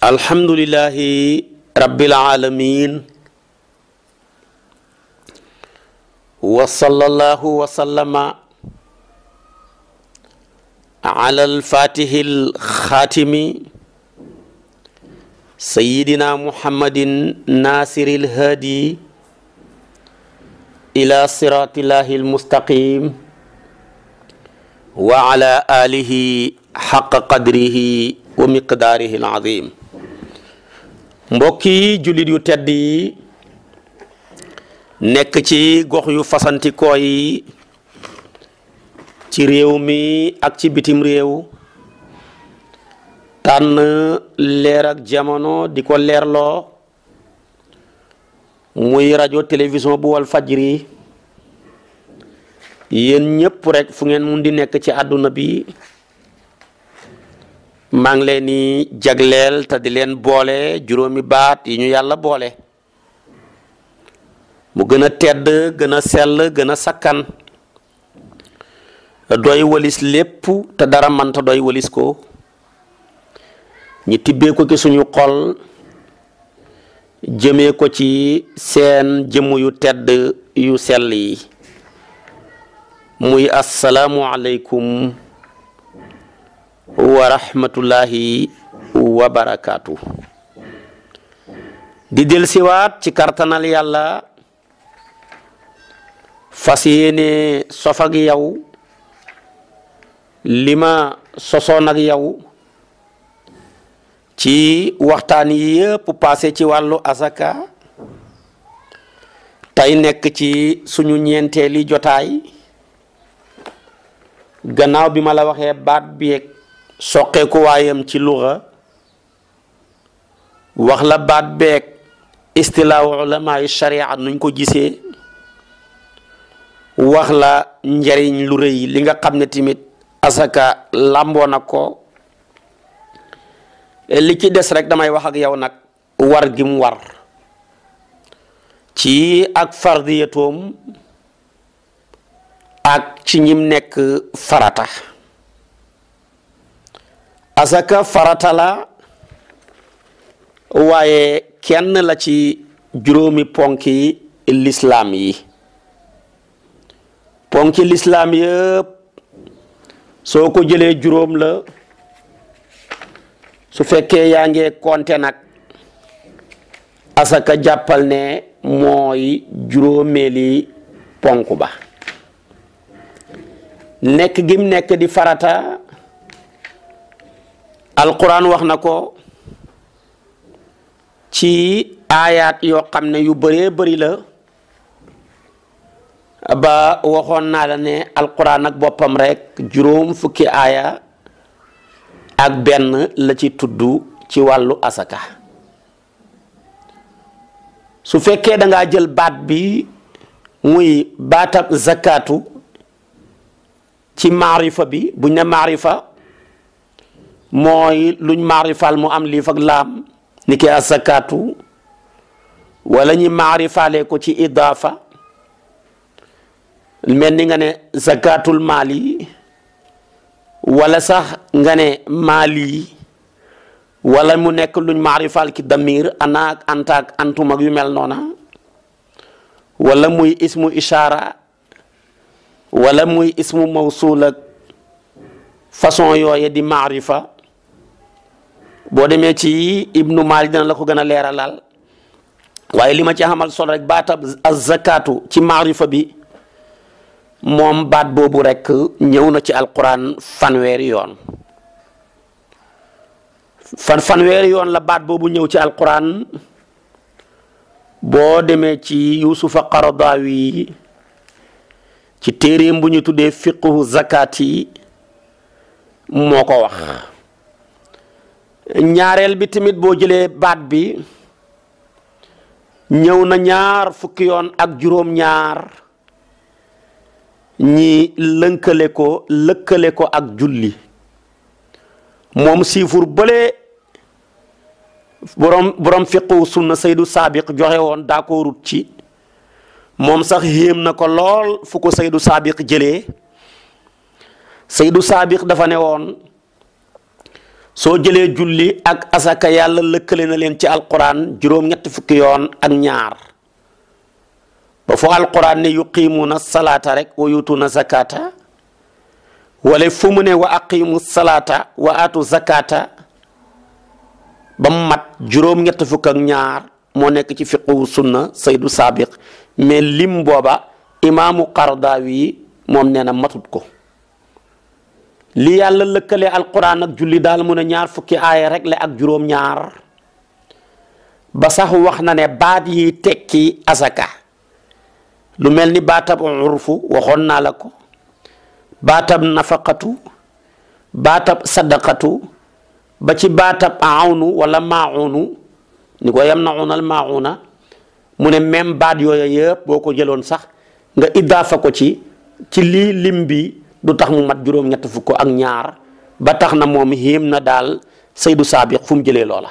alhamdulillahi rabbil aalamiin wa sallallahu wa sallama ala alfaatihi alxaatimi sayyidina muhammadin naasiri alhaadi ila siraatillahi almustaqim wa ala aalihi xaqa qadrihi wa miqdaarihi alazim mbokk yi jullit yu tedd yi nekk ci gox yu fasantikoo yi ci réew mi ak ci bitim réew tànn leer ak jamono di ko leerloo muy rajo télévision bu wal fajri yéen ñëpp rek fu ngeen mun di nekk ci àdduna bi maa ngi leen di jagleel te di leen boole juróomi baat yi ñu yàlla boole mu gën a tedd gën a sell gën a sakkan doy walis lépp te dara manta doy walis ko ñi tibbee ko ci suñu xol jëmee ko ci seen jëmm yu tedd yu sell yi muy asalaamu aleykum wa rahmatullahi wa barakaatu di del ci kartanal yàlla fas yéene sof ak yow li ma sosoon ak yow ci waxtaan yi yëpp ci wàllu asaka tey nekk ci suñu ñeenteeli jotaay gannaaw bi ma la waxee baat bi yeeg soqeeku waayam ci luxa waxla baat beek istilaahu ulamaayu sharia nuñ ko gisee waxla njariñ lu rëy li nga xam ne tamit asaka làmboo na ko li ci des rek damay wax ak yow nag war gi mu war ci ak fardiyatoom ak ci ñim nekk farata asaka farata la waaye kenn la ci juróomi ponki lislaam yi ponki lislaam yëpp soo ko jëlee juróom la su fekke yaa ngi konte nag asaka jàppal ne mooy juróomeeli ponk ba nekk gim nekk di farata alquran wax na ko ci aayaat yoo xam ne yu bëree bari la ba waxoon naa la ne alquran ak boppam rek juróom fukki aaya ak benn la ci tudd ci wàllu asaka su fekkee da jël baat bi muy baatab zakatu ci maarifa bi buñ ne maarifa mooy luñ marifal mu am liifak ak laam ni ki asakaatu wala ñi marifale ko ci idaafa mel ni nga ne zakaatul maali wala sax nga ne maali wala mu nekk luñ maarifal ki damir anaak antaak antum yu mel noona wala muy ismu ishaara wala muy ismu mawsul ak façon yooye di maarifa boo demee ci ibnu Maalik dina la ko gën a leeralal waaye li ma ci amal sol rek baatab azzakaatu ci maarifa bi moom baat boobu rekk ñëw na ci alquran fanweeri yoon fan fanweeri yoon la baat boobu ñëw ci alquran boo demee ci yusufa qaradaawi ci téeréem bu ñu tuddee fiqhu zakaat moo ko wax ñaareel bi tamit boo jëlee baat bi ñëw na ñaar fukki yoon ak juróom-ñaar ñi lënkale ko lëkkale ko ak julli moom siifur bële borom borom fiqu sunna saydu saabiq joxe woon daa ko rut ci moom sax yéem na ko lool fu ko saydu saabiq jëlee saydu saabiq dafa ne woon soo jëlee julli ak asaka yàlla lëkkale na leen ci alquran juróom-ñetti fukki yoon ak ñaar ba foo alquran ne yuqiimuuna salaata rek wa na zakata wala fu mu ne wa aqiimu salaata wa atu zakata ba mat juróom-ñetti fukk ak ñaar moo nekk ci fiqu sunna saydu saabiq mais lim booba imaamu Qardawi moom nee na matut ko lii yàlla lëkkalee alquran ak julli daal mu ne ñaar fukki aaya rek la ak juróom-ñaar ba sax wax na ne baat yi tekki asaka lu mel ni baatab urfu waxoon naa la ko baatab nafakatu baatab sadaqatu ba ci baatab awnu wala maawunu ni ko yam na unal maawuna mu ne même baat yooyu yëpp boo ko jëloon sax nga idaafa ko ci ci lii lim bi du tax mu mat juróom-ñett fukk ak ñaar ba tax na moom yéem na daal Seydou Saabiq fu mu jëlee loola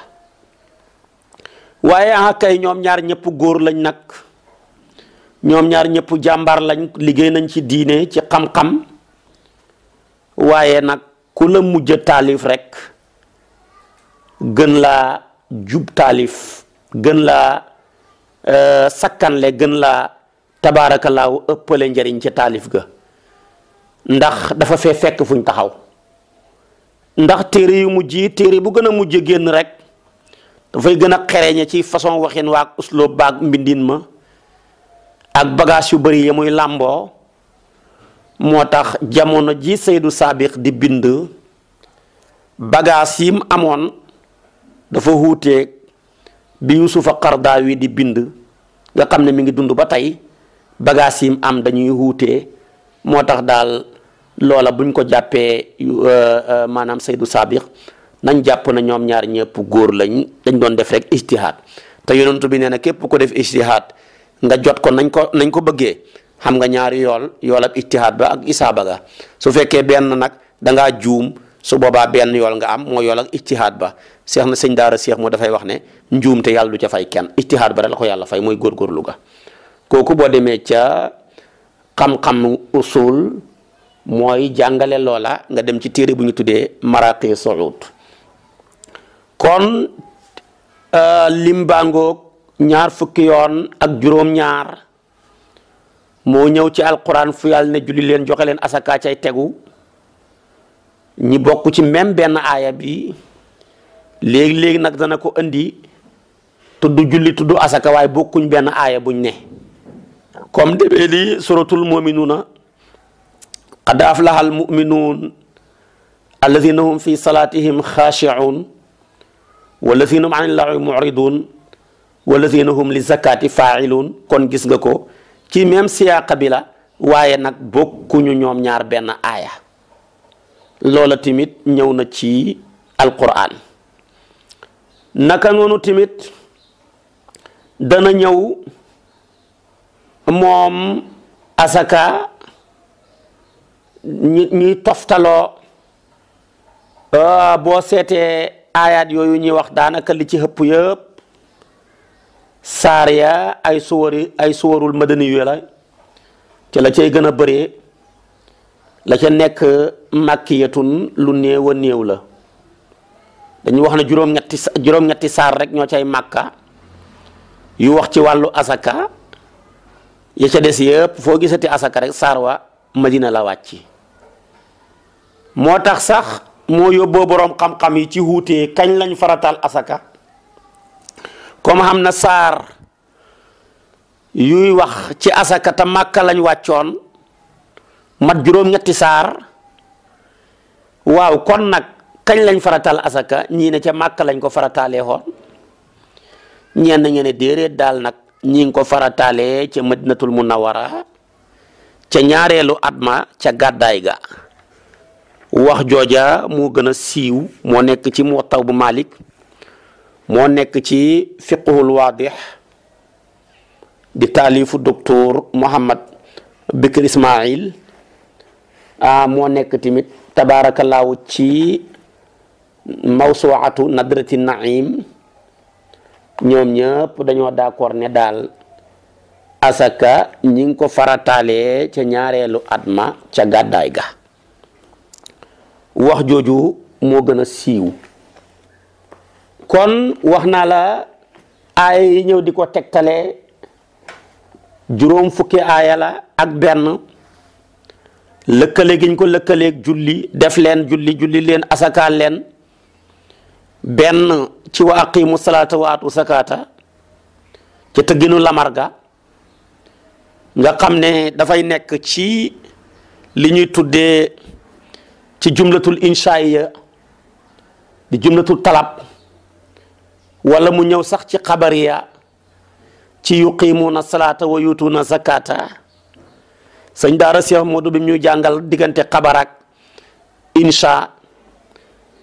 waaye ah ñoom ñaar ñëpp góor lañ nag ñoom ñaar ñëpp jàmbaar lañ liggéey nañ ci diine ci xam-xam waaye nag ku la mujj taalif rek gën laa jub taalif gën la euh, sakkanle gën laa tabaarakallaahu ëppale njariñ ci taalif ga ndax dafa fee fekk fuñ taxaw ndax téere yu mujj yi téere bu gën a mujj génn rek dafay gën a xereñe ci façon waxin waak usloob baag mbindin ma ak bagaas yu bari ya muy làmboo moo tax jamono ji Seydou Sabiq di bind bagage yim amoon dafa wuuteeg bi Yusufa wi di bind nga xam ne mi ngi dund ba tey bagage yim am dañuy wuutee moo tax daal loola buñ ko jàppee euh, euh, maanaam Seydou Sabiq nañ jàpp na ñoom ñaar ñëpp góor lañ dañ doon def rek ijtihaad te yonentu bi nee na képp ko def ijtihaad nga jot ko nañ ko nañ ko bëggee xam nga ñaari yool yoolab ijtihaad ba ak isaaba ga su fekkee benn nag da ngaa juum su boobaa benn yool nga am moo yool ak ijtihaad ba seex na sëñ daara seex moo dafay wax ne njuum te yàlla du ca fay kenn ijtihaad ba rek la ko yàlla fay mooy góorgóorlu ga kooku boo demee ca xam mooy jàngale loola nga dem ci téere bu ñu tuddee maraqi suud kon euh, limbangoog ñaar fukki yoon ak juróom-ñaar moo ñëw ci alquran fu yàlla ne julli leen joxe leen asaka cay tegu ñi bokk ci même benn aaya bi léegi-léegi nag dana ko indi tudd julli tudd asaka waaye bokkuñ benn aaya buñ ne comme demee ni suratul muminuuna qad aflaha almuminuun alladina hum fi salaatihim xaashicuun walladina hum an illahi mucriduun hum li zakaati faaciluun kon gis nga ko ci même siyaaqa bi waaye nag bokkuñu ñoom ñaar benn aaya loola tamit ñëw na ci alquran naka noonu tamit dana ñëw moom asaka ñu ñi toftaloo ah, boo seetee aayaat yooyu ñuy wax daanaka li ci xëpp yëpp saar ya ay suwari ay suwarul madani yu la te la cay gën a bëree la ca nekk màkkiyatun lu néew a néew la dañu wax ne juróom-ñetti saar rek ñoo cay màkka yu wax ci wàllu asaka ya ca des yëpp foo gisati asaka rek saar wa madina la wàcc moo tax sax moo yóbboo boroom xam-xam yi ci wuutee kañ lañ faratal asaka comme xam na saar yuy wax ci asaka te màkka lañ wàccoon mat juróom-ñetti saar waaw kon nag kañ lañ faratal asaka ñii ne ca màkka lañ ko farataalee xoon ñenn ñe ne déedéet daal nag ñi ngi ko farataalee ca madinatul munawara ca ñaareelu at ma ca gàddaay ga wax jooja moo gën a siiw moo nekk ci muwattaw bu Malik moo nekk ci fiqhul waadix di taalifu docteur Mohammad Bikir Ismail a moo nekk tamit tabaarakallaahu ci mawsuwaatu nadrati naim ñoom ñëpp dañoo d'accord ne daal asaka ñi ngi ko farataalee ca ñaareelu at ca gàddaay ga wax jooju moo gën a siiw kon wax naa la aaya yi ñëw di ko tegtale juróom fukki aaya la ak benn lëkkale giñ ko lëkkaleeg julli def leen julli julli leen asakaal leen benn ci wa aqimu salaata wa atu sakaata ca tëgginu lamarga nga xam ne dafay nekk ci li ñuy tuddee ci jumlatul inshaiya di jumlatul talab wala mu ñëw sax ci xabariya ci yuqimuuna salaata wa yutuuna zakata sëñ daara Cheikh Modou bi ñuy jàngal diggante xabar ak insha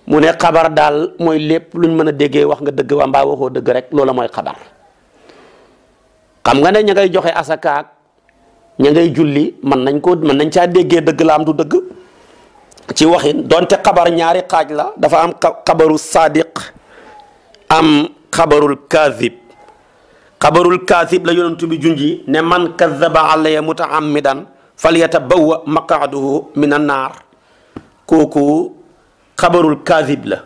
mu ne xabar daal mooy lépp luñ mën a déggee wax nga dëgg waa mbaa waxoo dëgg rek loola mooy xabar xam nga ne ña joxe asakaak ña ngay julli mën nañ ko mën nañ caa déggee dëgg la am du dëgg ci waxin donte xabar ñaari xaaj la dafa am xabaru saadiq am xabarul kaazib xabarul kaazib la yonent bi junji ne man kazaba alayya mutaammidan falyatabawwa maqaaduhu min annaar kooku xabarul kaazib la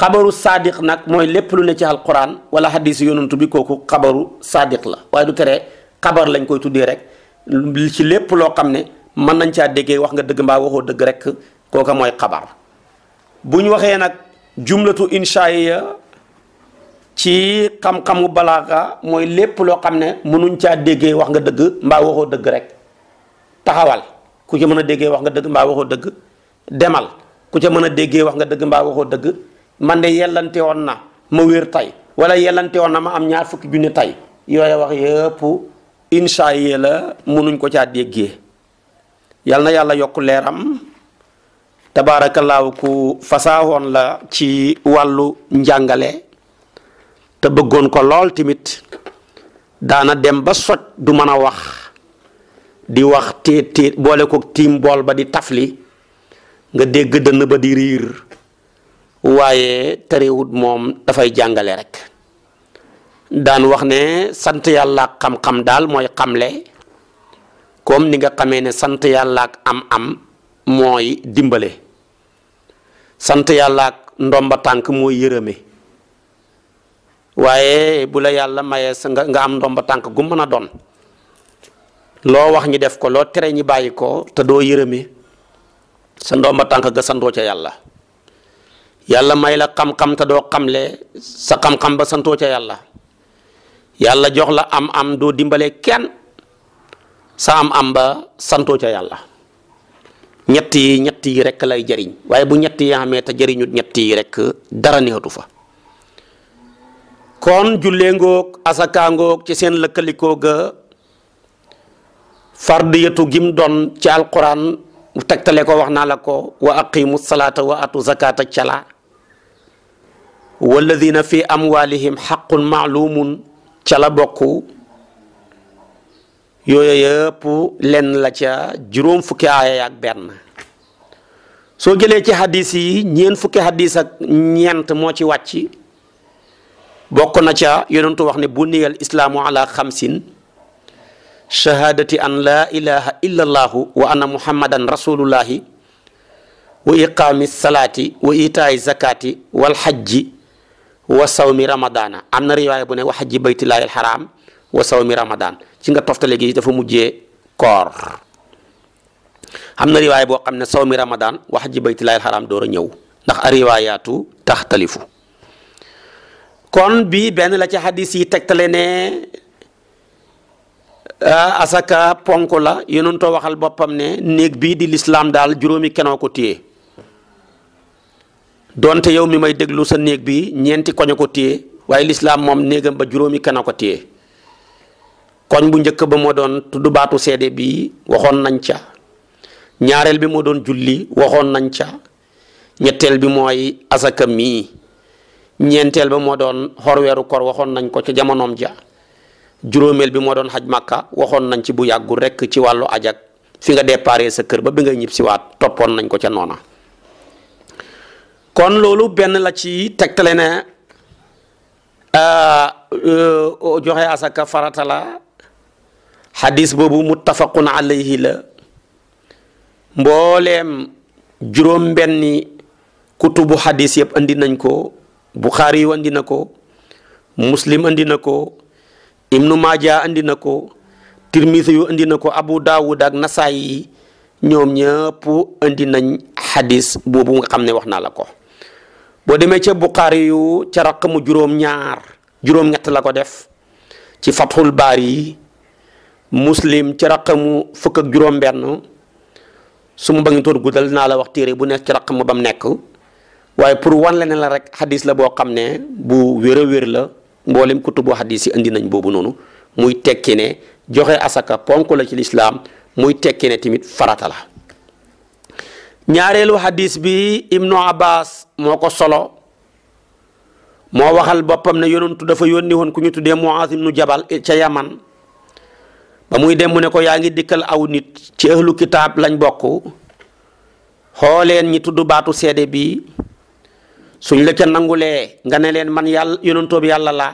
xabaru sadiq nag mooy lépp lu ne ci alquran wala hadis yonent bi kooku xabaru sadiq la waaye du tere xabar lañ koy tuddee rek ci lépp loo xam ne mën nañ caa déggee wax nga dëgg mbaa waxoo dëgg rek kooka mooy xabaar buñ waxee nag jumlatu inshaiya ci xam-xamu balaaga mooy lépp loo xam ne mënuñ caa déggee wax nga dëgg mbaa waxoo dëgg rek taxawal ku ca mën a déggee wax nga dëgg mbaa waxoo dëgg demal ku ca mën a déggee wax nga dëgg mbaa waxoo dëgg man de yellante woon na ma wér tey wala yellante woon na ma am ñaar fukki junni tey yooyu wax yëpp inshaiya la mënuñ ko caa déggee yal na yàlla yokk leeram tabaarakallaahu ku fasaawoon la ci wàllu njàngale te bëggoon ko lool tamit daana dem ba soj du mën a wax di wax téet téet boole ko tiim bool ba di tafli nga dégg dënn ba di riir waaye terewut moom dafay jàngale rek daan wax ne sant yàlla xam-xam daal mooy xamle comme ni nga xamee ne sant yàlla am-am mooy dimbale sant yàlla ak ndomba tànk mooy yërëme waaye bu la yàlla mayee sa nga nga am ndomba tànk gu mën a doon loo wax ñi def ko loo tere ñi bàyyi ko te doo yërëme sa ndomba tànk ga santoo ca yàlla yàlla may la xam-xam te doo xamle sa xam-xam ba santoo ca yàlla yàlla jox la am am doo dimbale kenn sa am am ba santoo ca yàlla ñett yi ñett lay jariñ waaye bu ñetti yi amee te jariñut ñett yi rek dara neexatu fa kon jullee ngoog asakaa ngoog ci seen lëkkalikoo ga fardiyatu gim doon ci alquran mu tegtale ko wax naa la ko wa aqimu salaata wa atu zakata cala walladina fi amwalihim xaqun maalumun cala bokk yooyu yëpp lenn la ca juróom fukki aaya ak benn soo jëlee ci hadis yi ñeent fukki hadis ñeent moo ci wàcc bokk na ca yonentu wax ne buniyal islaamu ala xamsin shahaadati an laa ilaha illa allahu wa anna muhammadan rasulullahi wa iqaami salaati wa itaay zakaati wa sawmi ramadana am na riwaaya bu ne wa xajji baytillahi alxaraam wa sawmi ramadaan ci nga toftale gi dafa mujje koor am na riwaay boo xam ne saw mi ramadan wax ji baytilaayil xaraam door a ñëw ndax a riwaayaatu taxtalifu kon bii benn la ci xadis yi tegtale ne ah, asaka ponk la yonentoo waxal boppam ne néeg bi di lislaam daal juróomi kenoo ko téye donte yow mi may déglu sa néeg bi ñeenti koño ko téye waaye lislaam moom néegam ba juróomi kenoo ko téye poñ bu njëkk ba moo doon tudd baatu seede bi waxoon nañ ca ñaareel bi moo doon julli waxoon nañ ca ñetteel bi mooy asaka mii ñeenteel ba moo doon xor kor waxoon nañ ko ca jamonoom ja juróomeel bi moo doon xaj màkka waxoon nañ ci bu yàggul rekk ci wàllu ajag fi nga déparé sa kër ba bi ngay ñib siwaat toppoon nañ ko ca noona kon loolu benn la ci tegtale ne euh, euh, joxe asaka farata la xadiis boobu muttafaqun alayhi la mbooleem juróom-benni kutubu xadis yëpp andi nañ ko buxaari yu andi na ko muslim andi na ko ibnu maaja andi na ko tirmisi yu andi na ko abu daawud ak nasaay yi ñoom ñëpp indi nañ xadis boobu nga xam ne wax naa la ko boo demee ca buxaari yu ca raqamu juróom-ñaar juróom-ñett la ko def ci fathul baar yi muslim ci raqamu fukk ak juróom-benn su ma bañ tóor guddal naa la wax téere bu nekk ci raqamu ba mu nekk waaye pour wan la ne la rek xadis la boo xam ne bu wér a wér la mboolem kutubu xadis yi indi nañ boobu noonu muy tekki ne joxe asaka ponk la ci lislaam muy tekki tamit farata la ñaareelu xadis bi ibnu abbas moo ko solo moo waxal boppam ne yonentu dafa yónni woon ku ñu tuddee Muaz ibnu Jabal ca Yaman ba muy dem mu ne ko yaa ngi dikkal aw nit ci ahlu kitaab lañ bokk xooleen ñi tudd baatu seede bi suñ la ca nangulee nga ne leen man yàlla yonantoob yàlla la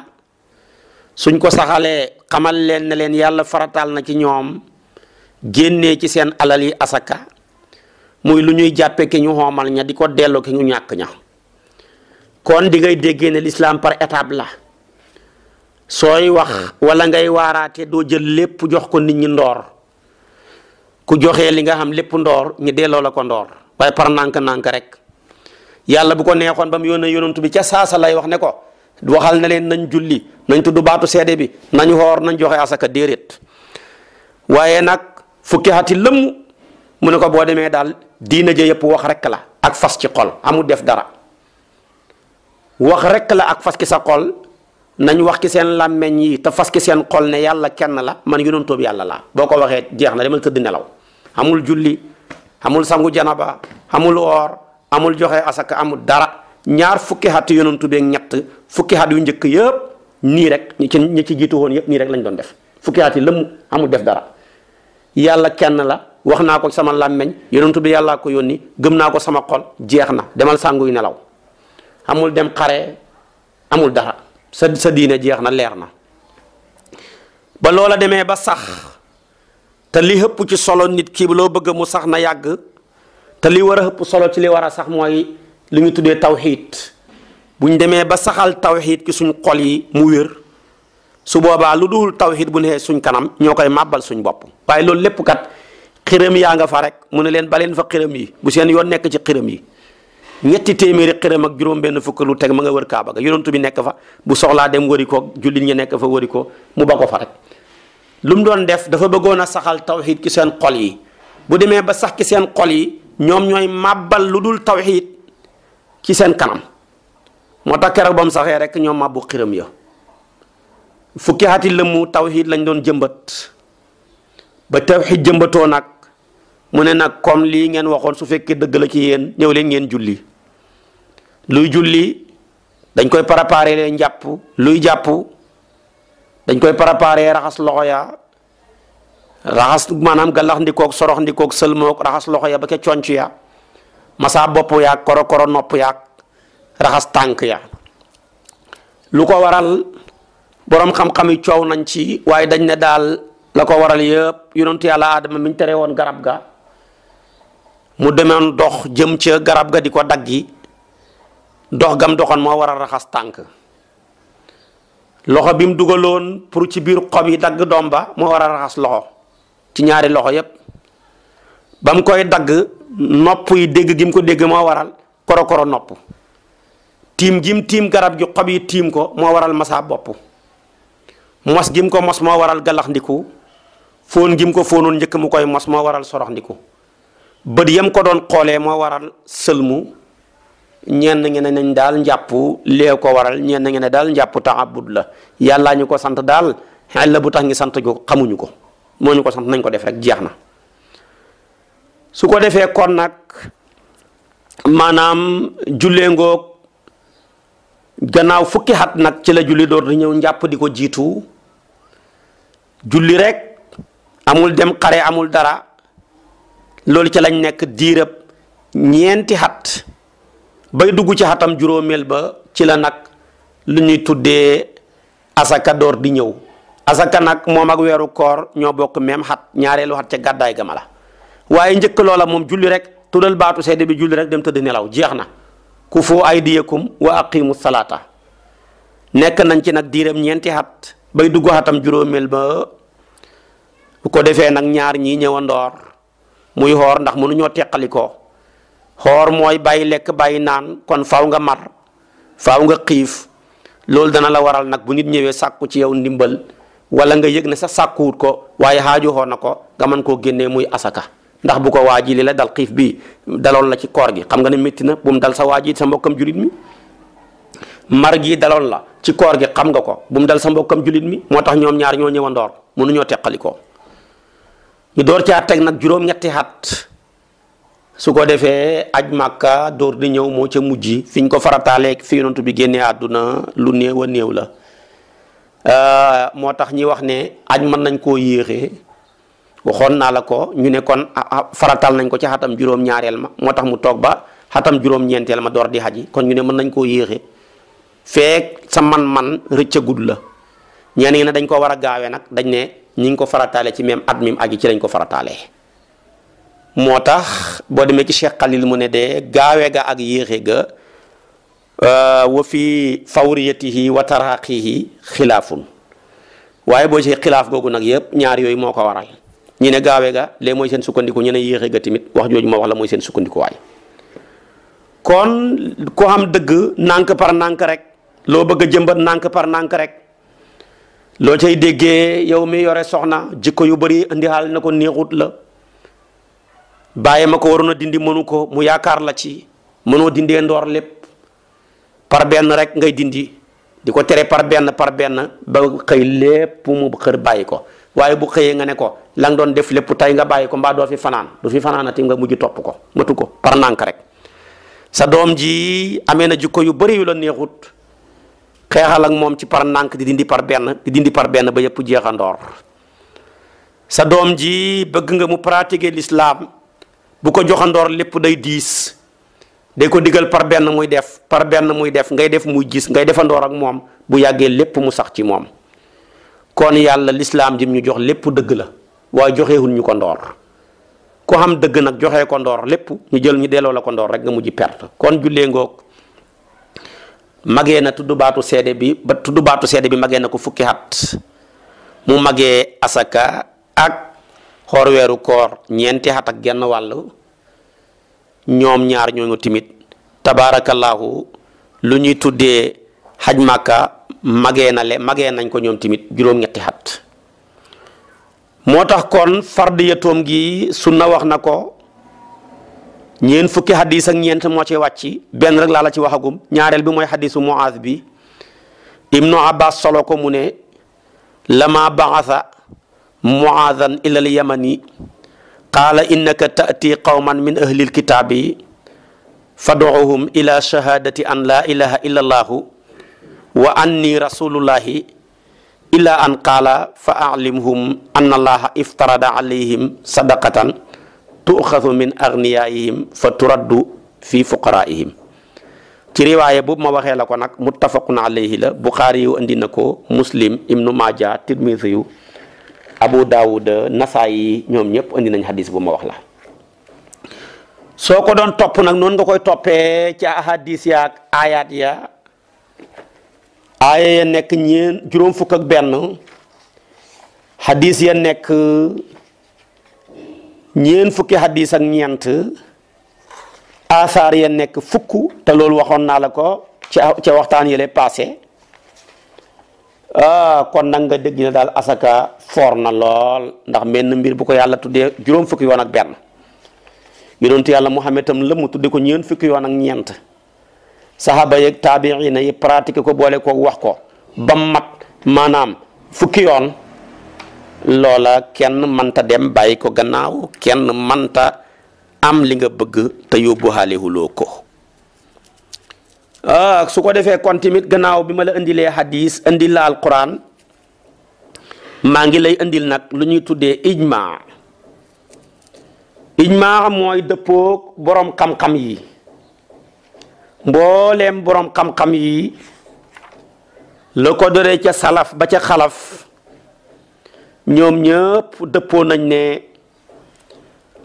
suñ ko saxalee xamal leen ne leen yàlla farataal na ci ñoom génnee ci seen alal yi asaka muy lu ñuy jàppe ki ñu xoomal ña di ko delloo ki ñu ñàkk ña kon di ngay déggee ne l'islam par étape la sooy wax wala ngay waaraate doo jël lépp jox ko nit ñi ndoor ku joxe li nga xam lépp ndoor ñu delloo la ko ndoor waaye par nànk-nànk rek yàlla bu ko neexoon ba mu yónnee yonantu bi ca saasa lay wax ne ko waxal na leen nañ julli nañ tudd baatu seede bi nañ xoor nañ joxe asaka déeréet waaye nag fukki xati lëmm mu ne ko boo demee daal diina ja yëpp wax rek la ak fas ci xol amul def dara wax rek la ak fas ci sa xol nañ wax ci seen làmmeñ yi te fas ci seen xol ne yàlla kenn la man yonent bi yàlla laa boo ko waxee jeex na demal tëdd nelaw amul julli amul sangu janaba amul woor amul joxe asaka amul dara ñaar fukki xat yonent bi ñett fukki xat yu njëkk yëpp nii rek ñi ci ñi ci woon yëpp nii rek lañ doon def fukki xat yi lëmm amul def dara yàlla kenn la wax naa ko sama làmmeñ yonent bi yàllaa ko yónni gëm naa ko sama xol jeex na demal sanguy nelaw amul dem xare amul dara sa sa diine jeex na leer na ba loola demee ba sax te li ëpp ci solo nit ki loo bëgg mu sax na yàgg te li war a solo ci li war a sax mooy lu ñu tuddee tawxiid buñ demee ba saxal tawxiid ki suñ xol yi mu wér su boobaa lu dul tawxiid bu neexee suñ kanam ñoo koy màbbal suñ bopp waaye loolu lépp kat xiram yaa nga fa rek mu ne leen baleen fa xiram yi bu seen yoon nekk ci xiram yi ñetti téeméeri xërëm ak juróom-benn fukk lu teg ma nga wër Kaaba ga yonent bi nekk fa bu soxlaa dem wari ko jullit ñi nekk fa wëri ko mu ba ko fa rek lu mu doon def dafa bëggoon a saxal tawxiid ci seen xol yi bu demee ba sax ci seen xol yi ñoom ñooy màbbal lu dul tawxiid ci seen kanam moo tax keroog ba mu saxee rek ñoom màbbu xërëm ya fukki at yi lëmmu tawxiid lañ doon jëmbat ba tawxiid jëmbatoo nag mu ne nag comme lii ngeen waxoon su fekkee dëgg la ci yéen ñëw leen ngeen julli. luy julli dañ koy préparer leen jàpp luy jàpp dañ koy préparer raxas loxo ya raxas maanaam galax ndikoog sorox ndikoog sëlmoog raxas loxo ya ba ca conc ya masaa bopp yaag koro koro nopp yaag raxas tànk ya lu ko waral boroom xam-xam yi coow nañ ci waaye dañ ne daal la ko waral yëpp yonentu yàlla aadama mi ñu tere woon garab ga mu demoon dox jëm ca garab ga di ko daggi dox gam doxoon moo waral raxas tànk loxo bi mu dugaloon pour ci biir xob yi dagg doom ba moo waral a raxas loxo ci ñaari loxo yépp ba mu koy dagg nopp yi dégg gi mu ko dégg moo waral koro koro nopp tiim gi mu tiim garab gi xob yi tiim ko moo waral masaa bopp mos gi mu ko mos moo waral gallaxndiku ndiku fóon gi mu ko fóonoon njëkk mu koy mos moo waral sorox ndiku bët yam ko doon xoolee moo waral sëlmu ñenn nge ne nañ daal njàpp lee ko waral ñenn nge ne daal njàpp taabud la yàlla ñu ko sant daal xel la bu tax ngi sant ko xamuñu ko moo ko sant nañ ko def jeex na su ko defee kon nag maanaam jullee ngoog gannaaw fukki xat nag ci la julli door di ñëw njàpp di ko jiitu julli rek amul dem xare amul dara loolu ci lañ nekk diirëb ñeenti xat bay dugg ci xatam juróomeel ba ci la nag lu ñuy tuddee asaka door di ñëw asaka nag moom ak weeru koor ñoo bokk même xat ñaareelu xat ca gàddaay gama la waaye njëkk loola moom julli rek tuddal baatu seede bi julli rek dem tëdd nelaw jeex na ku foo ay aydiyakum wa aqimu salaata nekk nañ ci nag diiram ñeenti xat bay dugg xatam juróomeel ba bu ko defee nag ñaar ñii ñëwandoor muy xoor ndax mënuñoo teqali ko xoor mooy bàyyi lekk bàyyi naan kon faaw nga mar faaw nga xiif loolu dana la waral nag bu nit ñëwee sàkku ci yow ndimbal wala nga yëg ne sa sàkkuwut ko waaye xaaju xoon na ko nga mën koo génnee muy asaka ndax bu ko waaji li la dal xiif bi daloon la ci koor gi xam nga ne métti na bu dal sa waaji sa mbokkam julit gii daloon la ci koor gi xam nga ko bu mu dal sa mbokkam julit mi moo tax ñoom ñaar ñoo ñëwandoor mënuñoo teqali ko ñu door caa teg nag juróom-ñetti xat su ko defee aj màkka dóor di ñëw moo ca mujj yi ñu ko farataalee fi yonantu bi génnee àdduna lu néew a néew la euh, moo tax ñi wax ne aj mën nañ koo yéexee waxoon naa la ko ñu ne kon ah, ah, farataal nañ ko ci xatam juróom-ñaareel ma moo tax mu toog ba xatam juróom-ñeenteel ma door di xaji kon ñu ne mën nañ koo yéexee feek sa man-man rëccagul la ñeen ñi ne dañ ko war a gaawee nag dañ ne ñi ngi ko farataale ci même at mim aji ci lañ ko farataalee moo tax boo demee ci Cheikh Khalil mu ne de gaawe ga ak yéexee ga euh, wa fi fawriyatihi wa taraaqihi xilaafun waaye boo ci xilaaf googu nag yëpp ñaar yooyu moo ko waral ñu ne gaawe ga lee mooy seen sukkandiku ñu ne yéexe ga tamit wax jooju ma wax la mooy seen sukkandikuwaay kon ku xam dëgg nànk par nànk rek loo bëgg a jëmbat nànk par nànk rek loo cay déggee yow mi yore soxna jikko yu bari indi xaal na ko neexut la bàyyi ma ko waroon a dindi mënu ko mu yaakaar la ci mënoo dindee ndoor lépp par benn rek ngay dindi di ko tere par benn par benn ba xëy lépp mu xër bàyyi ko waaye bu xëyee nga ne ko la nga doon def lépp tey nga bàyyi ko mbaa doo fi fanaan du fi fanaanati nga mujj topp ko matu ko par nànk rek sa doom ji amee na jukko yu bari yu la neexut xeexal moom ci par nànk di dindi par benn di dindi par benn ba yëpp jeexandoor sa doom ji bëgg nga mu pratiquer bu ko joxandoor lépp day diis day ko digal par benn muy def par benn muy def ngay def muy gis ngay defandoor ak moom bu yàggee lépp mu sax ci moom kon yàlla lislaam jim ñu jox lépp dëgg la waaye joxeewul ñu ko ndoor ku xam dëgg nag joxe ko ndoor lépp ñu jël ñu delloo la ko ndoor rek nga mujj perte kon jullee ngoog magee na tudd baatu seede bi ba tudd baatu seede bi magee na ko fukki at mu magee asaka ak xoor weeru koor ñeenti at ak genn wàll ñoom ñaar ñooñu timit tabaarakallaahu lu ñuy tuddee xaj màkka magee na le magee nañ ko ñoom timit juróom-ñetti at moo tax kon fardiyatoom gi sunna wax na ko ñeent fukki xadis ak ñeent moo ci wàcc benn rek laa la ci waxagum ñaareel bi mooy xadisu Muaz bi ibnu Abbas solo ko mu ne lama baasa muaadan ilal yamani qaala innaka taati qawman min ahlil kitaabi faduuhum ila shahaadati an laa ilaha illa allaahu wa anni rasulullahi ila an qaala fa alimhum an allaha iftarada alayhim sadaqatan tuxasu min agniyaayihim fa turaddu fi fuqaraihim ci riwaaye boobu ma waxee la ko nag muttafaqun alayhi la buxaari yu indi na ko muslim ibnu maaja tirmisi yu Abu Daawud nasaa yi ñoom ñëpp indi nañ hadis bu ma wax la soo ko doon topp nag noonu nga koy toppee ci ahadis yaak ayaat ya aaya ya nekk ñeen juróom fukk ak benn hadis ya nekk ñeen fukki hadis ak ñeent asaar ya nekk fukk te loolu waxoon naa la ko ci ca waxtaan yële passé ah kon nag nga dégg na daal asaka foor na lool ndax menn mbir bu ko yàlla tuddee juróom fukki yoon ak benn yonentu yàlla Muhammad tam lëmm tudde ko ñeent fukki yoon ak ñeent sahaba yeeg taabiina yi pratiqué ko boole ko wax ko ba mat maanaam fukki yoon loola kenn manta dem bàyyi ko gannaaw kenn manta am li nga bëgg te yóbbu xaalewuloo ko ah, su ko defee kon gannaaw bi ma la indilee hadis indi la alquran maa ngi lay indil nag lu ñuy tuddee ijmaa ijmaa mooy dëppoog boroom xam-xam yi mbooleem boroom xam-xam yi la ko doree ca salaf ba ca xalaf ñoom ñëpp dëppoo nañ ne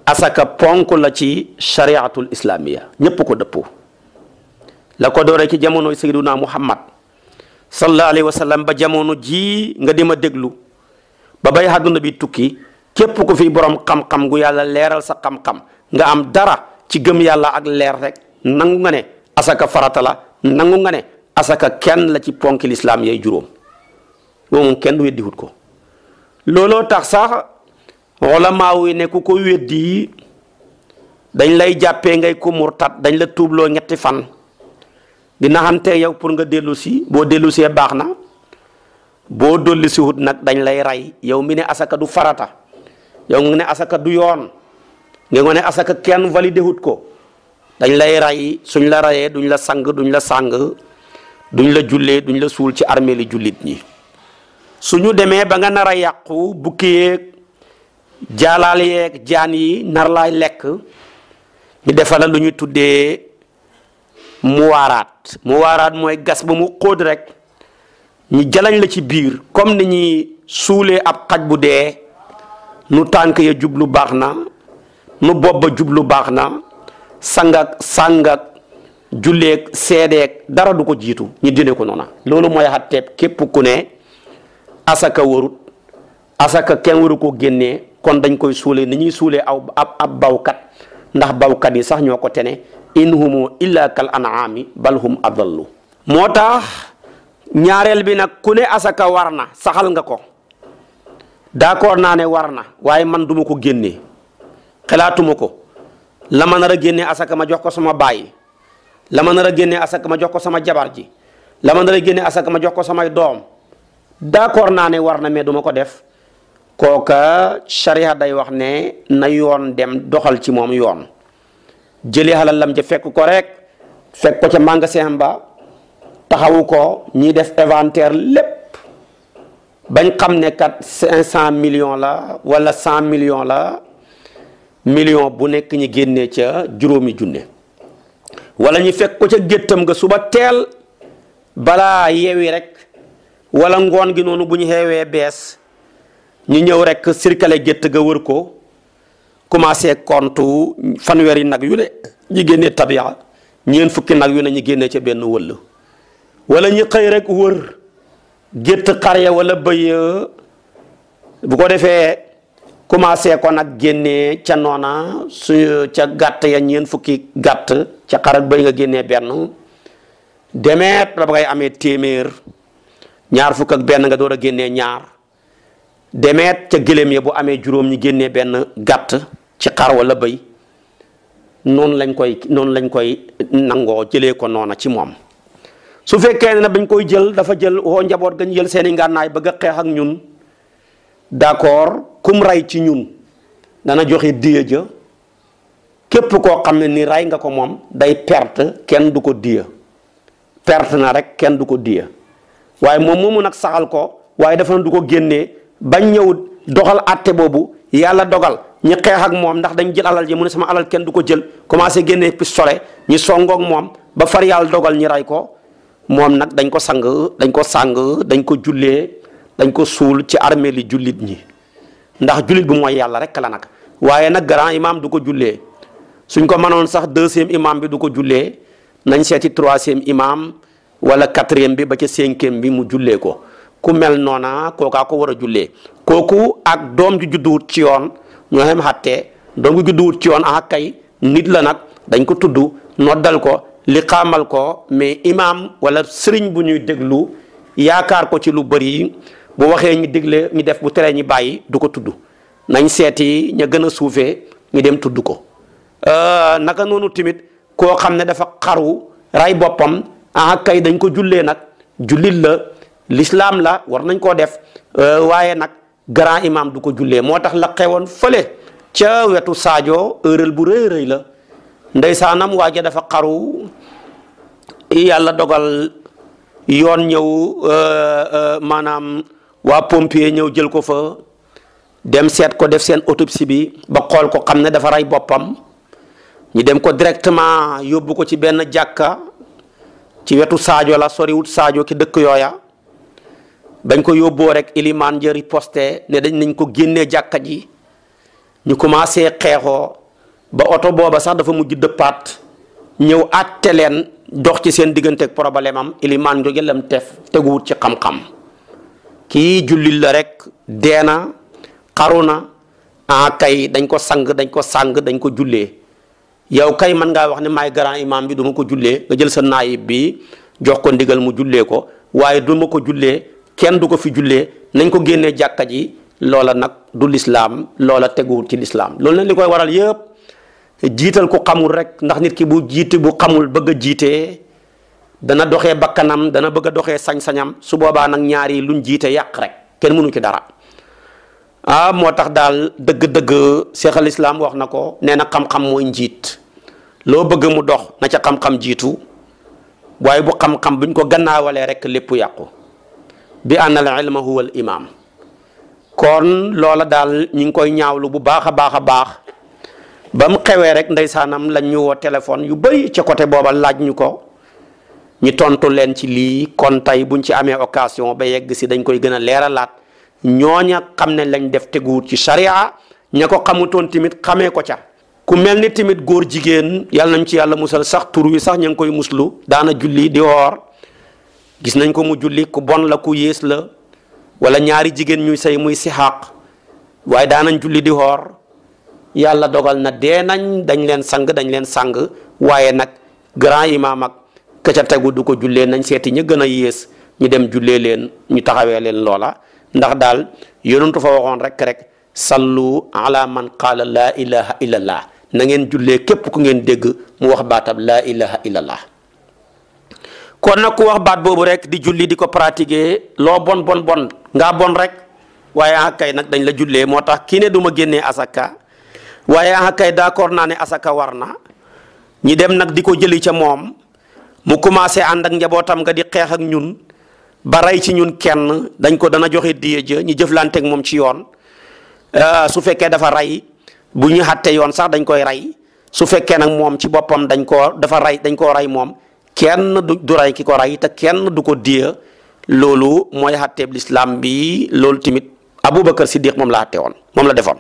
asaka ponk la ci shariatul islamiya ñëpp ko dëppoo la ko dooree ci jamonoy sayyiduna muhammad sallallahu alayhi wa sallam ba jamono jii nga dima déglu ba bay àdduna bi tukki képp ku fi boroom xam-xam gu yàlla leeral sa xam-xam nga am dara ci gëm yàlla ak leer rek nangu nga ne asaka farata la nangu nga ne asaka kenn la ci ponki lislaam yay juróom loolu moom kenn weddiwut ko looloo tax sax ulamaa yi ne ku ko weddi dañ lay jàppe ngay ko murtat dañ la tuubloo ñetti fan dina xam naxante yow pour nga dellu si boo dellu see baax na boo dolli si wut nag dañ lay rey yow mi ne asaka du farata yow mi ne asaka du yoon nga ne asaka kenn validé wut ko dañ lay ray suñ la rayee duñ la sang duñ la sang duñ la jullee duñ la suul ci armée li yi su ñu demee ba nga nar a yàqu bukki yeeg jaalaal yeeg jaan yi nar lay lekk ñu defal la lu ñu tuddee muwaaraat muwaaraat mooy gas ba mu xóot rek ñu jalañ la ci biir comme ni ñuy suulee ab xaj bu dee nu tànk ya jublu baax na nu bopp ba jublu baax na sangak sàngak julleeg seedeeg dara du ko jiitu ñu dine ko noona loolu mooy xatteeb képp ku ne asaka warut asaka kenn waru ko génnee kon dañ koy suulee ni ñuy suulee aw ab ab bawkat ndax bawkat yi sax ñoo ko tene in humu illa kal an'ami bal hum moo tax ñaareel bi nag ku ne asaka war na saxal nga ko d'accord naa ne war na waaye man duma ko génne xalaatuma ko la ma nar a génnee asaka ma jox ko sama baay la ma nar a génnee asaka ma jox ko sama jabar ji la ma nar a génnee asaka ma jox ko samay doom d'accord naa ne war na mais duma ko def kooka sariya day wax ne na yoon dem doxal ci moom yoon jëlee xalal lam ja fekk ko rek fekk ko ca magasin ba taxawu ko ñiy def inventaire lépp bañ xam ne kat cinq cent million la wala cent million la million bu nekk ñi génnee ca juróomi junne wala ñu fekk ko ca géttam ga suba teel balaa yeewi rek wala ngoon gi noonu bu ñu xewee bees ñu ñëw rek circale gétt ga wër ko commencé compte fanweeri nag yu ne ñu génnee tabia ñeent fukki nag yu ne ñu génnee ca benn wëll wala ñi xëy rek wër gétt xar ya wala bëy bu ko defee commencé ko nag génnee ca noona su ca gàtt ya ñeen fukki gàtt ca xar ak nga génnee benn demeet la ba ngay amee téeméer ñaar fukkak ak benn nga door a génnee ñaar demeet ca gëléem ya bu amee juróom ñi génnee benn gàtt ci xar wala bëy noonu lañ koy noonu lañ koy nangoo jëlee ko noona ci moom su fekkee ne bañ koy jël dafa jël woo njaboot gañ jël seen i ngànnaay bëgg a xeex ak ñun d'accord kum ray ci ñun dana joxe diya ja képp koo xam ne ni rey nga ko moom day perte kenn du ko diya perte na rek kenn du ko diya waaye moom moomu ak saxal ko waaye dafa na du ko génnee bañ ñëw doxal àtte boobu yàlla dogal ñu xeex ak moom ndax dañ jël alal ji mu ne sama alal kenn du ko jël commencé génnee pistolet ñu songook moom ba far yàlla dogal ñi ray ko moom nag dañ ko sang dañ ko sang dañ ko jullee dañ ko suul ci armée li jullit ñi ndax jullit bu mooy yàlla rek la nag waaye nag grand imam du ko jullee suñ ko mënoon sax deuxième imam bi du ko jullee nañ seeti troisième imam wala quatrième bi ba ca cinquième bi mu jullee ko ku mel noona kookaa ko war a jullee kooku ak doom ju judduwut ci yoon ñoo xam xattee doom ju judduwut ci yoon ah kay nit la nag dañ ko tudd noddal ko li xaamal ko mais imaam wala sëriñ bu ñuy déglu yaakaar ko ci lu bëri bu waxee ñu dégle ñu def bu teree ñu bàyyi du ko tudd nañ seeti ña gën a suufee ñu dem tudd ko euh, naka noonu tamit koo xam ne dafa xaru ray boppam ah kay dañ ko jullee nag jullit la lislaam la war nañ koo def euh, waaye nag grand imam du ko jullee moo tax la xewoon fële ca wetu Sadio erreur bu rëy rëy la ndeysaanam waaja dafa xaru yàlla dogal yoon ñëw euh, euh, maanaam waa pompier ñëw jël ko fa dem seet ko def seen autopsie bi ba xool ko xam ne dafa rey boppam ñu dem ko directement yóbbu ko ci benn jàkka ci wetu saajo la soriwut saajo ki dëkk yooya bañ ko yóbboo rek ilimaan ja riposte ne dañ nañ ko génnee jàkka ji ñu commencé xeexoo ba oto booba sax dafa mujj dëppaat ñëw àtte leen dox ci seen diggante problème am ilimaan jóge lam tef teguwut ci xam-xam kii jullit la rek deena xaru na ah kay dañ ko sang dañ ko sang dañ ko jullee yow kay mën ngaa wax ne maay grand imam bi duma ko jullee nga jël sa naayib bi jox ko ndigal mu jullee ko waaye du ma ko jullee kenn du ko fi jullee nañ ko génnee jàkka ji loola nag du lislaam loola teguwut ci lislaam loolu nag li koy waral yëpp jiital ku xamul rek ndax nit ki bu jiite bu xamul bëgg a jiitee dana doxe bakkanam dana bëgg a doxee sañ-sañam su boobaa nag ñaari yi luñ jiite yàq rek kenn mënu ci dara ah moo tax daal dëgg-dëgg Cheikh islaam wax na ko nee na xam-xam mooy njiit loo bëgg mu dox na ca xam-xam jiitu waaye bu xam-xam buñ ko gannaawalee rek lépp yàqu bi anna al ilma huwa imam kon loola daal ñu ngi koy ñaawlu bu baax a baax a baax ba mu xewee rek ndeysaanam lañ ñu woo téléphone yu bëri ca côté booba laaj ñu ko ñu tontu leen ci lii kon tey buñ ci amee occasion ba yegg si dañ koy gën a leeralaat ñooña xam ne lañ def teguwut ci sharia ña ko xamutoon tamit xamee ko ca ku mel ni tamit góor jigéen yàlla nañ ci yàlla musal sax tur wi sax ña ngi koy musalu daana julli di woor gis nañ ko mu julli ku bon la ku yées la wala ñaari jigéen ñuy say muy si sixaaq waaye daanañ julli di woor yàlla dogal na dee nañ dañ leen sang dañ leen sang waaye nag grand imam ak ka tegu du ko jullee nañ seeti ñu gën a yées ñu dem jullee leen ñu taxawee leen loola ndax daal yonentu fa waxoon rek rek sallu ala man qaala laa ilaha illallah na ngeen jullee képp ku ngeen dégg mu wax baatab la ilaha illallah kon nag ku wax baat boobu rek di julli di ko pratiquer loo bon bon bon ngaa bon rek waaye ah kay nag dañ la jullee moo tax kii ne du ma génnee asaka waaye ah kay d'accord naa ne asaka war na ñi dem nag di ko jëli ca moom mu commencé ànd ak njabootam nga di xeex ak ñun ba rey ci ñun kenn dañ ko dana joxe diye ja ñu jëflanteeg moom ci yoon euh, su fekkee dafa rey bu ñu xatte yoon sax dañ koy rey su fekkee nag moom ci boppam dañ koo dafa rey dañ koo rey moom kenn du du rey ki ko rey te kenn du ko diye loolu mooy xatteeb lislaam bi loolu tamit Abubakar Siddiq moom la xatte woon moom la defoon.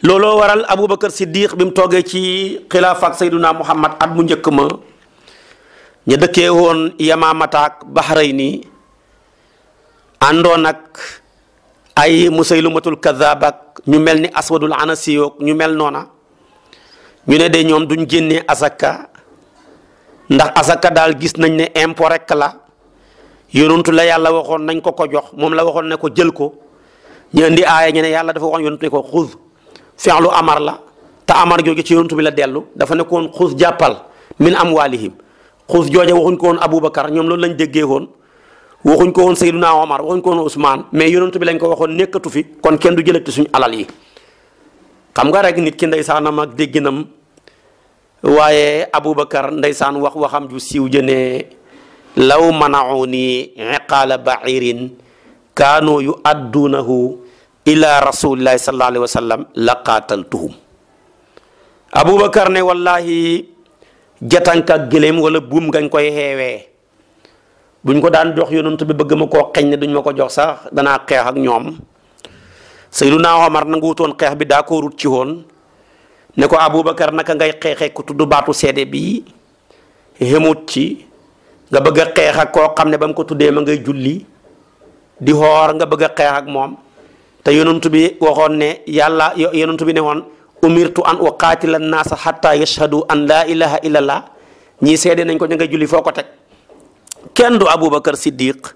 looloo waral aboubacar siddiq bi mu toogee ci xilaafa ak sayduna muhammad at mu njëkk ma ñu dëkkee woon yamaamataak bahrayni àndoon ak ay musaylumatul kazaab ak ñu mel ni aswadul anasiyook ñu mel noona ñu ne de ñoom duñ génnee asaka ndax asaka daal gis nañ ne impôt rekk la yonentu la yàlla waxoon nañ ko ko jox moom la waxoon ne ko jël ko ñu indi aaya ñu yàlla dafa waxoon yonentu ne ko xuz fi'lu amar la te amar jooju ci yonent bi la dellu dafa nekkoon xuus jàppal min amwaalihim xuus jooja waxuñ ko woon Aboubacar ñoom loolu lañ déggee woon waxuñ ko woon Seydina Omar waxuñ ko woon Ousmane mais yonent bi lañ ko waxoon nekkatu fi kon kenn du jëlati suñu alal yi xam nga rek nit ki ndeysaanam ak dégginam waaye Aboubacar ndeysaan wax waxam ju siiw jëne law manauni iqaala ba'irin kaanu yu addunahu ila rasulillahi sallallahu alayhi wa sallam la qaataltuhum aboubacar ne wallahi jatanka gëléem wala buum ngañ koy xeewee buñ ko daan jox yonent bi bëgg ma koo xeñ ne duñ ma ko jox sax danaa xeex ak ñoom sayyiduna Omar nangu wutoon xeex bi daa ko rut ci woon ne ko aboubacar naka ngay xeexee ku tudd baatu seede bii xemut ci nga bëgga a xeex ak koo xam ne ba mu ko tuddee ma ngay julli di xoor nga bëgg a xeex ak moom te yonent bi waxoon ne yàlla yonent bi ne woon umirtu an uqaatila naasa xatta yashhadu an laa ilaha illallah ñii seede nañ ko ña ngay julli foo ko teg kenn du abu aboubacar siddiq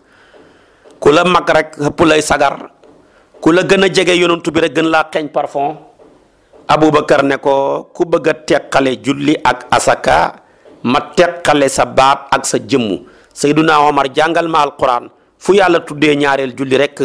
ku la mag rek ëpp lay sagar ku la gën a jege yonent bi rek gën laa xeeñ parfum aboubacar ne ko ku bëgg a teqale julli ak asaka ma teqale sa baat ak sa jëmm sayduna omar jàngal ma alquran fu yàlla tuddee ñaareel julli rek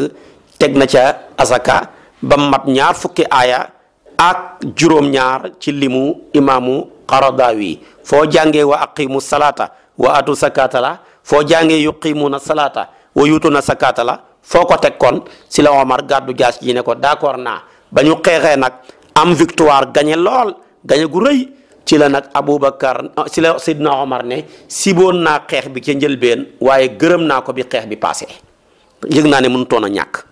teg na ca asaka ba mat ñaar fukki aaya ak juróom-ñaar ci limu imaamu Qaradawi foo jàngee wa aqimu salaata wa atu sakata la foo jàngee na salaata wa yutuna sakata la foo ko teg kon si la Omar gàddu jaas ji ne ko d'accord naa ba ñu xeexee nag am victoire gañe lool gañe gu rëy ci la nag Aboubacar si la Seydina Omar ne siboon naa xeex bi ca njëlbeen waaye gërëm naa ko bi xeex bi paase yëg naa ne mënutoon a ñàkk.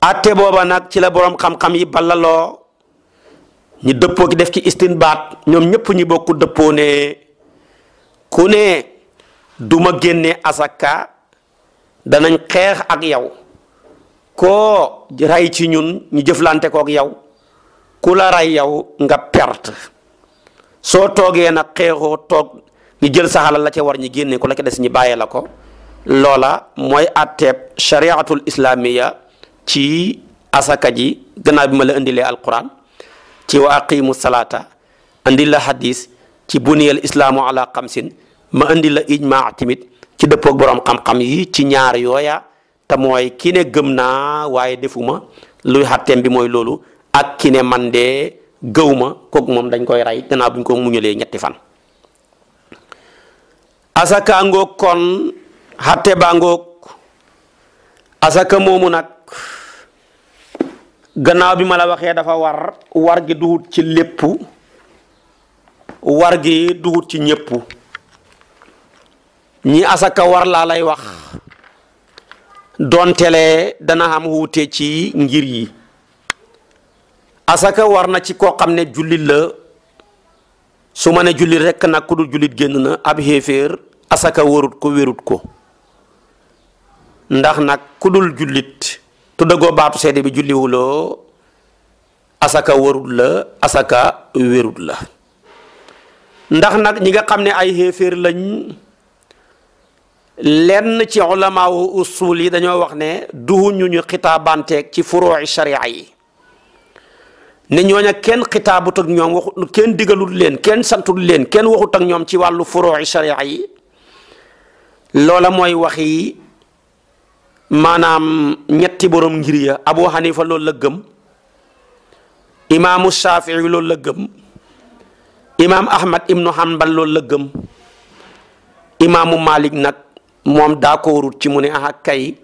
atte booba nag ci la boroom xam-xam yi ballaloo ñu dëppoo ki def ci istinbaat ñoom ñëpp ñu bokk dëppoo ne ku ne duma ma génnee asaka danañ xeex ak yow koo rey ci ñun ñu jëflante kook yow ku la rey yow nga perte soo toogee nag xeexoo toog ñu jël sa xalal la ca war ñi génne ko la ca des ñi bàyyee la ko loola mooy atteeb chariatul islamiya ci asaka ji gannaaw bi ma la indilee alquran ci wa aqimu salaata indi la hadis ci buniyal islaamu ala xamsin ma indi la ijmaa tamit ci dëppoog boroom xam-xam yi ci ñaar yooya te mooy ki gëm naa waaye defuma luy xatteem bi mooy loolu ak ki ne man de gëw ma kooku moom dañ koy rey gannaaw buñ ñu ko muñalee ñetti fan asaka ngoog kon xatte baa ngoog asaka moomu nag gannaaw bi ma la waxee dafa war war gi dugut ci lépp war gi dugut ci ñëpp ñi asaka war laa lay wax doontele dana am wuute ci ngir yi asaka war na ci koo xam ne jullit la su ma ne jullit rekk nag ku dul jullit génn na ab xéeféer asaka warut ko wérut ko ndax nag ku dul jullit tuddagoo baatu seede bi julliwuloo asaka warut la asaka wérut la ndax nag ñi nga xam ne ay xéeféer lañ lenn ci ulamaawu usul yi dañoo wax ne duhuñu ñu xitaabanteeg ci furóoxi sharia yi ne ñooña kenn xitaabut ak ñoom kenn digalut leen kenn santut leen kenn waxut ak ñoom ci wàllu furóoxi sharia yi loola mooy waxi maanaam ñetti borom ngir ya abu hanifa loolu la gëm imaamu shafii loolu la gëm imaam ahmad ibnu hanbal loolu la gëm imaamu malik nag moom daakoorut ci mu ne aha kay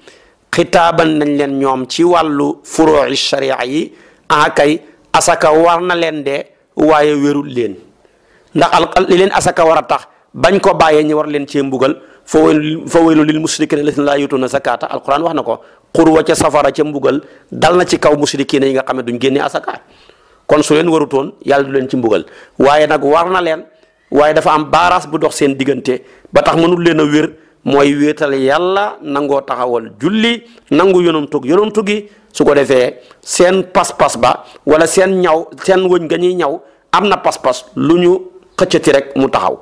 xitaaban nañ leen ñoom ci wàllu furooi sharia yi aha kay asaka war leen de waaye wérul leen ndax al li leen asaka war a tax bañ ko bàyyee ñu war leen cee mbugal foo fa waylu fa waylu lil musrikiina allaziina laa yu'tuuna zakaata alquran wax na ko xurwa ca safara ca mbugal dal na ci kaw musrikiina yi nga xam ne duñ génne asaka kon su leen warutoon yàlla du leen ci mbugal waaye nag war na leen waaye dafa am baaraas bu dox seen diggante ba tax mënul leen a wér mooy wéetal yàlla nangoo taxawal julli nangu yonantug yonantu gi su ko defee seen pas-pas ba wala seen ñaw seen wëñ nga ñuy ñaw am na pas-pas lu ñu xëccati rek mu taxaw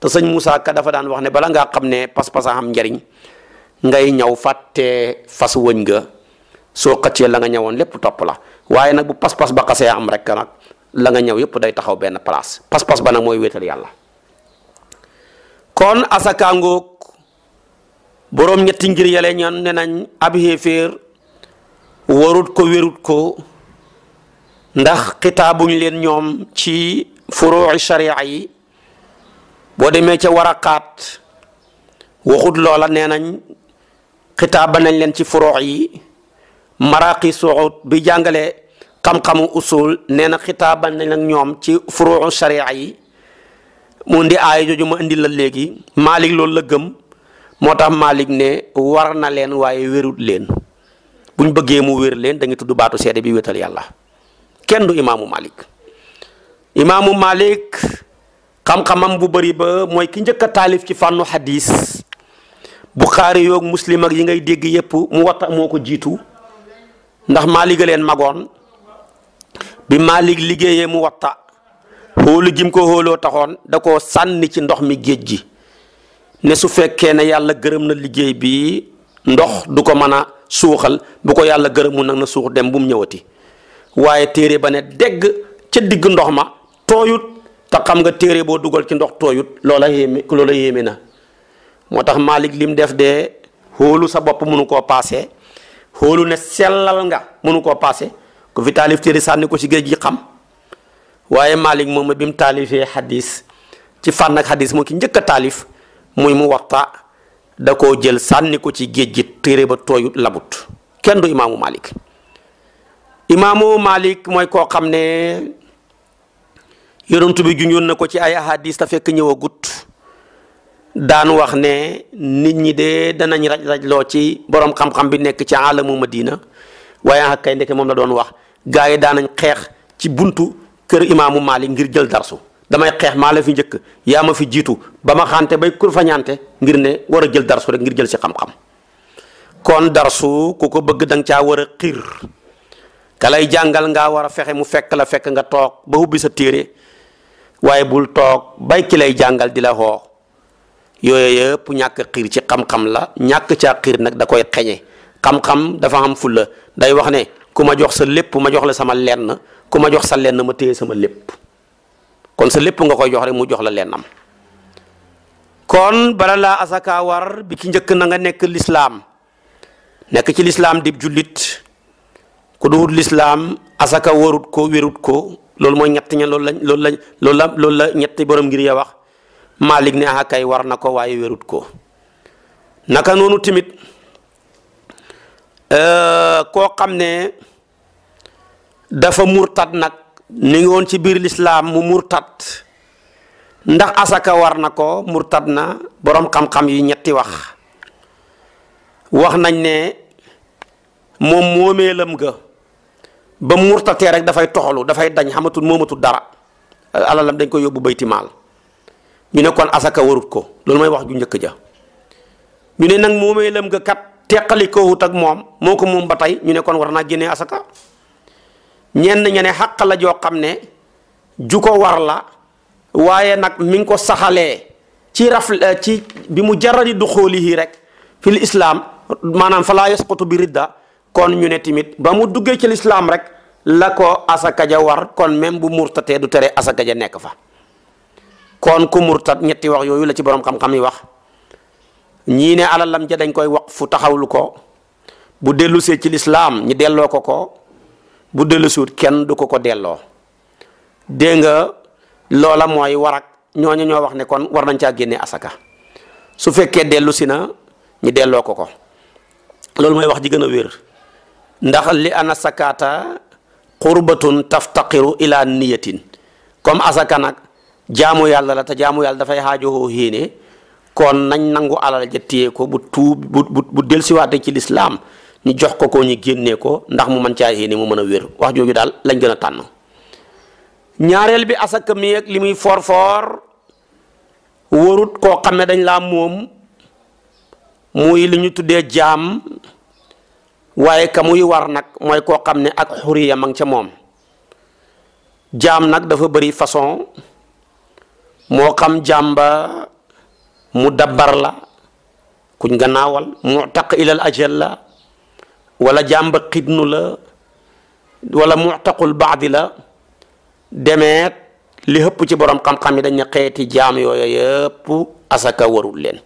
te sëñ Moussa Ka dafa daan wax ne bala ngaa xam ne pas-pas am njariñ ngay ñaw fàtte fas wëñ ga soo xëccee la nga ñëwoon lépp topp la waaye nag bu pas-pas ba xasee am rek nag nga ñëw yëpp day taxaw benn place pas-pas ba nag mooy wéetal yàlla kon asakaangoog boroom ñetti ngir yale ñoom ne nañ ab xéeféer warut ko wérut ko ndax xitaabuñ leen ñoom ci furuuci sharia yi boo demee ca waraqaat waxut loola nee nañ xitaaba nañ leen ci furoox yi maraqi suud bi jàngale xam-xamu usul nee na xitaaba nañ ak ñoom ci furuuxu sharia yi mu indi aaya jooju ma indi la léegi Malik loolu la gëm moo tax maalik ne war na leen waaye wérut leen buñ bëggee mu wér leen da nga tudd baatu seede bi wétal yàlla kenn du imaamu Malik imaamu Malik xam-xamam bu bari ba mooy ki njëkk taalif ci fànnu xadis buxaari yoog muslim ak yi ngay dégg yépp mu watta moo ko jiitu ndax maalik a leen magoon bi maalik liggéeyee mu watta xóolu gim ko xóoloo taxoon da ko sànni ci ndox mi géej gi ne su fekkee ne yàlla gërëm na liggéey bi ndox du ko mën a suuxal bu ko yàlla gërëmul nag na suux dem bu mu ñëwati waaye téere ba ne dégg ca digg ndox ma tooyut te xam nga téere boo dugal ci ndox tooyut loola yéeme loola yéeme na moo tax Malick lim def de xoolu sa bopp mënu koo paase xoolu ne sellal nga mënu koo paase ku fi taalif téere sànni ko ci géej gi xam waaye Malick moom bi mu taalifee xadiis ci fànn ak xadis moo ki njëkk a taalif muy mu waxta da koo jël sànni ko ci géej gi téere ba tooyut labut kenn du imaamu Malick imaamu Malick mooy koo xam ne. yonent bi junjoon na ko ci ay ahadis ta fekk ñëwagut daan wax ne nit ñi de danañ raj-raj loo ci boroom xam-xam bi nekk ci alamu madina waaye ak ah, kay ndeke moom la doon wax gars yi daanañ xeex ci buntu kër imaamu Maalik ngir jël darsu damay xeex maa la fi njëkk yaa ma fi jiitu ba ma xante bay kur fañante ngir ne war a jël darsu rek ngir jël si xam-xam kon darsu ku ko bëgg da nga caa war a xiir ka lay jàngal nga war a fexe mu fekk la fekk nga toog ba sa téere waaye bul toog bay ki lay jàngal di la xoo yooyu yëpp ñàkk xiir ci xam-xam la ñàkk caa xiir nag da koy xeñe xam-xam dafa am fulla day wax ne ku ma jox sa lépp ma jox la sama lenn ku ma jox sa lenn ma téye sama lépp kon sa lépp nga koy jox rek mu jox la lennam kon bala laa asaka war bi ki njëkk na nga nekk lislaam nekk ci lislaam di jullit ku duhut lislaam asaka warut ko wérut ko loolu mooy ñetti ña loolu loolu lañ loolu la loolu la ñetti borom ngir ya wax Malik ne ah kay war na ko waaye werut ko naka noonu tamit euh, koo xam ne dafa murtat nag ni ngi woon ci biir lislaam mu murtat ndax asaka war na ko murtat na boroom xam-xam yi ñetti wax wax nañ ne moom moomeelam ga ba murtatee rek dafay toxalu dafay dañ xamatul moomatul dara euh, alalam dañ koy yóbbu bayti maal ñu ne kon asaka warut ko loolu mooy wax ju njëkk ja ñu ne nag moomeelam nga kat teqali ko wut ak moom moo ko moom ba tey ñu ne kon war naa génnee asaka ñenn ña ne xàq la joo xam ne ju ko war la waaye nag mi ngi ko saxalee ci raf euh, ci bi mu jaradi du xooli yi rek fil islaam maanaam falaa yasqutu bi ridda kon ñu ne tamit ba mu duggee ci lislaam rek la ko asaka ja war kon même bu murtatee du tere asaka ja nekk fa kon ku murtat ñetti wax yooyu la ci borom xam-xam yi wax ñii ne alalam ja dañ koy wax fu taxawlu ko bu dellusee ci lislaam ñi delloo ko ko bu dellusuut kenn du ko ko delloo dégg nga loola mooy warak ñooñu ñoo wax ne kon war nañ caa génne asaka su fekkee dellusi na ñi delloo ko ko loolu mooy wax ji gën a wér ndax li an asakaata xurbatun taftaqiru ila niyatin comme asaka nag jaamu yàlla la te jaamu yàlla dafay xaajowoo xéene kon nañ nangu alal ja téye ko bu tuub bu bu bu ci lislaam ñu jox ko ko ñu génnee ko ndax mu mën caa yéene mu mën a wér wax jooju daal lañ gën a tànn ñaareel bi asaka mi li muy for for warut koo xam ne dañ laa moom muy li ñu tuddee jaam waaye ka muy war nag mooy koo xam ne ak xuriya ma ngi ca moom jaam nag dafa bari façon moo xam jaam ba mu dabbar la kuñ gannaawal mutaq ilal ajal la wala jaam ba xidnu la wala baax baadi la demeet li hëpp ci borom xam-xam yi dañ ne xeeti jaam yooyu yëpp asaka warul leen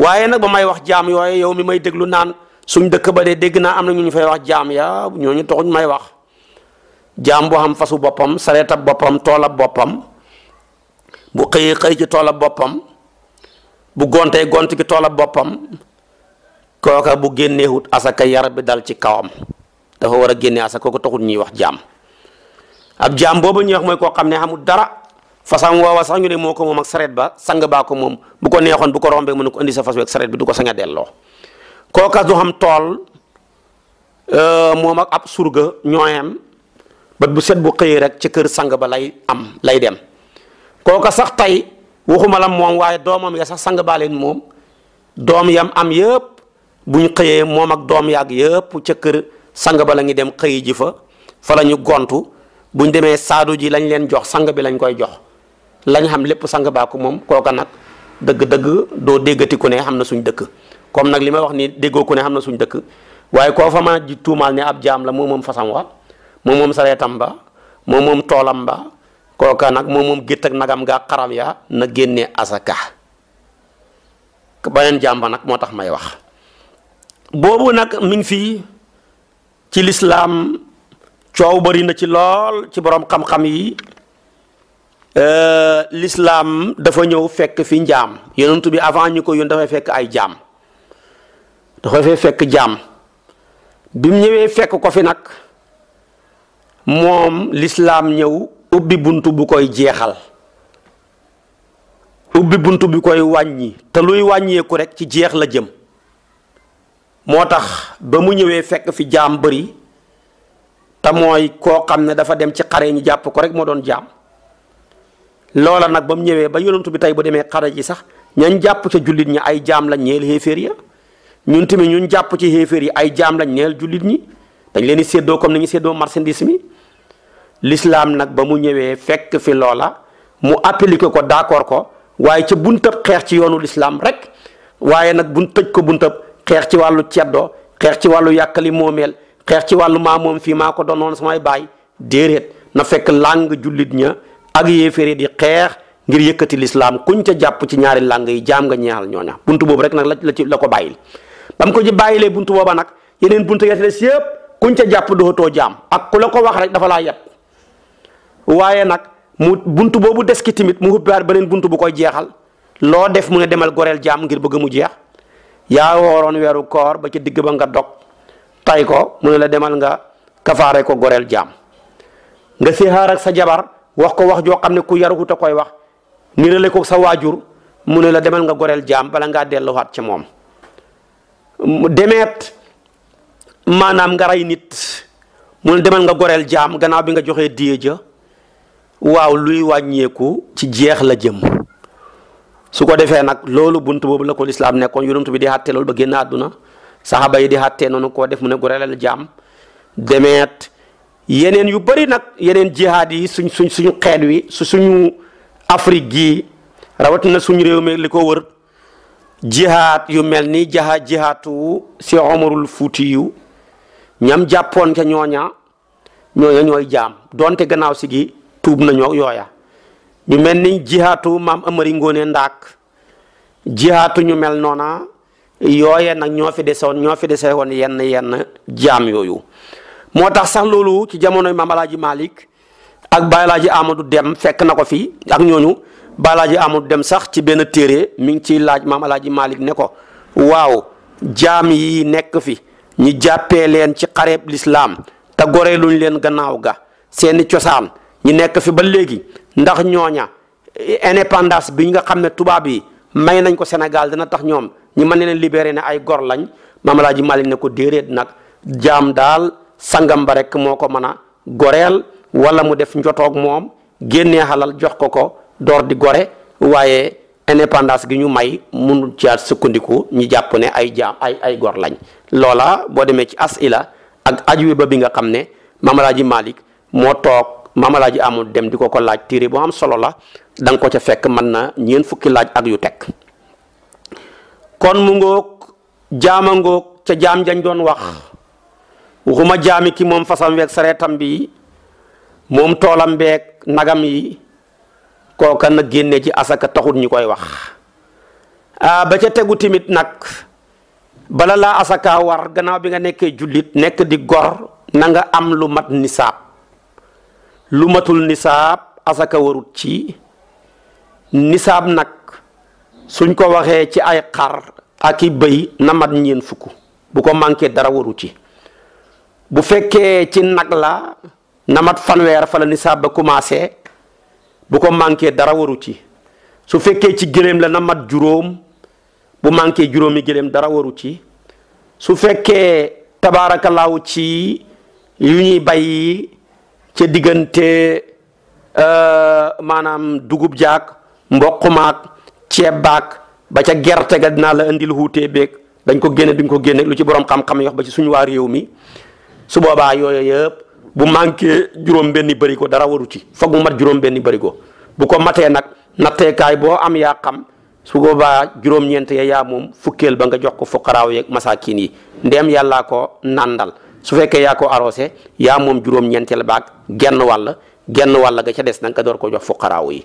waaye nag ba may wax jaam yooyu yow mi may déglu naan suñ dëkk ba dee dégg naa am na ñu ñu fay wax jaam yaa ñu taxuñ may wax jaam boo xam fasu boppam sareetab boppam toolab boppam bu xëyee xëy ci toolab boppam bu gontee gont ci toolab boppam kooka bu génneewut asaka yar bi dal ci kawam dafa war a génne asaka kooku taxul ñuy wax jaam ab jaam boobu ñuy wax mooy koo xam ne xamul dara fasam woowa sax ñu ne moo ko moom ak sareet ba sang baa ko moom bu ko neexoon bu ko rombee mën ko indi sa fas weeg bi du ko sañ a delloo kooka du xam tool euh, moom ak ab surga ñooyam bët bu set bu xëyee rek ci kër sang ba lay am lay dem kooka sax tey waxuma la moom waaye doomam ya sax sang baa leen moom doom yam am yëpp bu xëyee moom ak doom yaag yëpp ca kër sang ba la ñu dem xëyi ji fa fa la ñu gontu bu demee saadu ji lañ leen jox sang bi lañ koy jox lañ xam lépp sang baa ko moom kooka nag dëgg-dëgg doo déggati ku ne xam na suñ dëkk comme nag li may wax ni déggoo ko ne xam na suñ dëkk waaye koo fa mën a ji tuumaal ne ab jaam la moo moom fasam wa moo moom sareetam ba moo moom toolam ba kooka nag moo moom gétt ak nagam gaa xaram ya na génne asaka beneen jaam ba nag moo tax may wax boobu nag mi ngi fii ci lislaam coow bari na ci lool ci boroom xam-xam yi lislaam dafa ñëw fekk fi njaam yonentu bi avant ñu ko yoon dafay fekk ay jaam dafa fee fekk jaam bi mu ñëwee fekk ko fi nag moom lislaam ñëw ubbi bunt bu koy jeexal ubbi bunt bi koy wàññi te luy wàññeeku rek ci jeex la jëm moo tax ba mu ñëwee fekk fi jaam bëri te mooy koo xam ne dafa dem ci xare ñu jàpp ko rek moo doon jaam loola nag ba mu ñëwee ba yonantu bi tey bu demee xare ji sax ñañ jàpp ca jullit ñi ay jaam lañ ñeel xéeféer ya ñun tamit ñun jàpp ci xéeféer yi ay jaam lañ neel jullit ñi dañ leen di séddoo comme ni ñu séddoo marchandise mi lislaam nag ba mu ñëwee fekk fi loola mu appliqué ko d'accord ko waaye ca buntab xeex ci yoonu lislaam rek waaye nag buñ tëj ko buntab xeex ci wàllu ceddoo xeex ci wàllu yàkkali moomeel xeex ci wàllu maa moom fii maa ko doonoon samay baay déeréet na fekk làng jullit ña ak yéeféeri di xeex ngir yëkkati lislaam kuñ ca jàpp ci ñaari làng yi jaam nga ñeexal ñooña bunt boobu rek nag la la ci la ko bàyyil ba mu ko ci bàyyilee buntu booba nag yeneen buntu ya des yëpp kuñ ca jàpp dootoo jaam ak ku la ko wax rek dafa laa yeb nag mu buntu boobu des ki mu xubbaat beneen buntu bu koy jeexal loo def mu ne demal goreel jaam ngir bëgg mu jeex yaa wooroon weeru koor ba ci digg ba nga dog tay ko mu la demal nga kafaare ko goreel jaam nga séexaar ak sa jabar wax ko wax joo xam ne ku yaruxut a koy wax nirale ko sa waajur mu ne la demal nga goreel jaam bala ngaa delluwaat ci moom demeet maanaam nga rey nit mu demal nga goreel jaam gannaaw bi nga joxee diye ja waaw luy wàññeeku ci jeex la jëm su ko defee nag loolu bunt boobu la ko lislaam nekkoon yonent bi di xàttee loolu ba génn àdduna saxaaba yi di xàttee noonu koo def mu ne goreelal jaam demeet yeneen yu bari nag yeneen jihaad yi suñ suñ suñu xeet wi su suñu Afrique gii rawatina suñu réew mi li ko wër jihaat yu mel ni jaha jihaatu si omarul fuuti yu ñam jàppoon ca ñooña ñooña ñooy jaam donte gannaaw si gi tuub nañoo yooya ñu mel ni jihaatu maam amari ngoone ndaak jihaatu ñu mel noona yooyee nag ñoo fi desoon ñoo fi desewoon yenn yenn jaam yooyu moo tax sax loolu ci jamonoy maam alaaji malik ak baay alaaji amadou dem fekk na ko fi ak ñooñu balaa ji amul dem sax ci benn téere mi ngi ciy laaj maam alaaji Malick ne ko waaw jaam yi nekk fi ñi jàppee leen ci xareeb lislaam te goree luñ leen gannaaw ga seeni cosaan ñu nekk fi ba léegi ndax ñooña indépendance bi nga xam ne tubaab yi may nañ ko Sénégal dina tax ñoom ñu mën leen libéré ne ay gor lañ maam alaaji Malick ne ko déedéet nag jaam daal sangam ba rek moo ko mën a goreel wala mu def njotoog moom génnee xalal jox ko ko door di gore waaye indépendance gi ñu may mënul ci sukkandiku ñu jàpp ne ay jaam ay ay gor lañ loola boo demee ci asila ak ajwi ba bi nga xam ne mamalaaji Malik moo toog mamalaaji amul dem di ko ko laaj téere bu am solo la danga nga ko ca fekk mën na ñeent fukki laaj ak yu teg kon mu ngoog jaama ngoog ca jaam jañ doon wax waxuma jaami ki moom fasam weeg sareetam bi moom toolam beeg nagam yi kooka na génne ci asaka taxut ñu koy wax ah ba ca tegu tamit nag bala laa asaka war gannaaw bi nga nekkee jullit nekk di gor na nga am lu mat nisaab lu matul nisaab asaka warut ci nisaab nag suñ ko waxee ci ay xar ak i bëy na mat ñeen fukk bu ko manqué dara waru ci bu fekkee ci nag la na mat fanweer fa la nisaab ba commencé bu ko manqué dara waru ci su fekkee ci gëléem la na mat juróom bu manqué juróomi gëléem dara waru ci su fekkee tabaarakallaahu ci yu ñuy bay ca diggante euh, maanaam dugub jaak mboq maak ceeb baak ba ca gerte ga naa la indil huutee beeg dañ ko génne duñ ko génne lu ci borom xam-xam yi ba ci suñu waa réew mi su boobaa yooyu yëpp. bu manqué juróom benni bëri ko dara waru ci foog mu mat juróom benni bëri bu ko matee nag natteekaay boo am yaa xam su boobaa juróom-ñeent ya yaa moom fukkeel ba nga jox ko fuqaraaw yeeg masaakiin yi ndeem yàllaa ko nàndal su fekkee yaa ko arrosé yaa moom juróom-ñeenteel baag genn wàll genn wàll ga ca des nag nga door ko jox fuqaraaw yi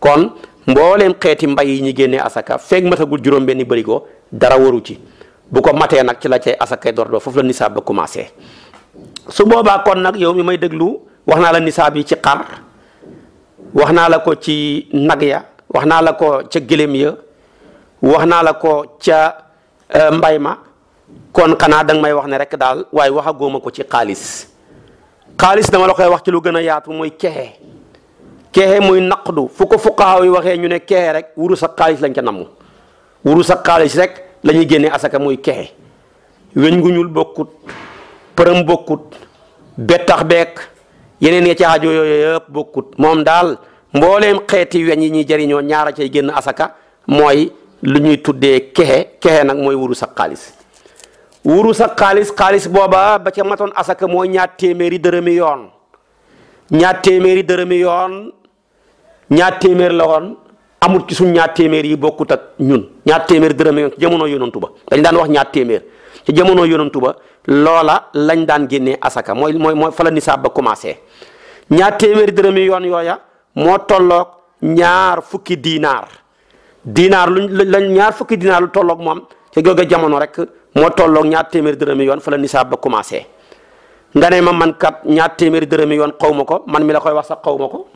kon mbooleem xeeti mbay yi ñu génnee asaka feeg matagul juróom benni bëri dara waru ci bu ko matee nag ci la cay asaka door doo foofu la nisaab ba commencé su boobaa kon nag yow mi may déglu wax naa la nisaab yi ci xar wax naa la ko ci nag ya wax naa la ko ca gëléem ya wax naa la ko ca euh, mbay ma kon xanaa danga may wax ne rek daal waaye wax a ko ci xaalis xaalis dama la koy wax ci lu gën a yaatu muy kexe kexe muy naqdu fu ko fuqaaw yi waxee ñu ne kexe rek wurus ak xaalis lañ ca namm wurus ak xaalis rek lañuy ñuy génnee asaka muy kexe weñ gu ñuul bokkut përëm bokkut bettax beek yeneen ya ci aajo yooyu yëpp bokkut moom daal mbooleem xeeti weñ yi ñuy jëriñoo ñaara cay génn asaka mooy lu ñuy tuddee kexe kexe nag mooy wurus ak xaalis wurus ak xaalis xaalis booba ba ca matoon asaka mooy ñaar téeméeri dërëm yoon ñaar téeméeri dërëmi yoon ñaar téeméer la woon amul ci suñ ñaar téeméer yi bokkut ak ñun ñaar téeméer dërëmi yoon ci jamono yonantu ba dañ daan wax ñaar téeméer ci jamono yonantu ba loola lañ daan génnee asaka mooy mooy mooy fa la nisaab ba commencé ñaar téeméeri dërëmi yoon yooya moo tollook ñaar fukki diinaar diinaar luñ lañ ñaar fukki diinaar lu tollook moom ca googe jamono rek moo tolloog ñaar téeméeri dërëmi yoon fa la nisaab ba commencé nga ne ma man kat ñaar téeméeri dërëmi yoon xaw ma ko man mi la koy wax sax xaw ma ko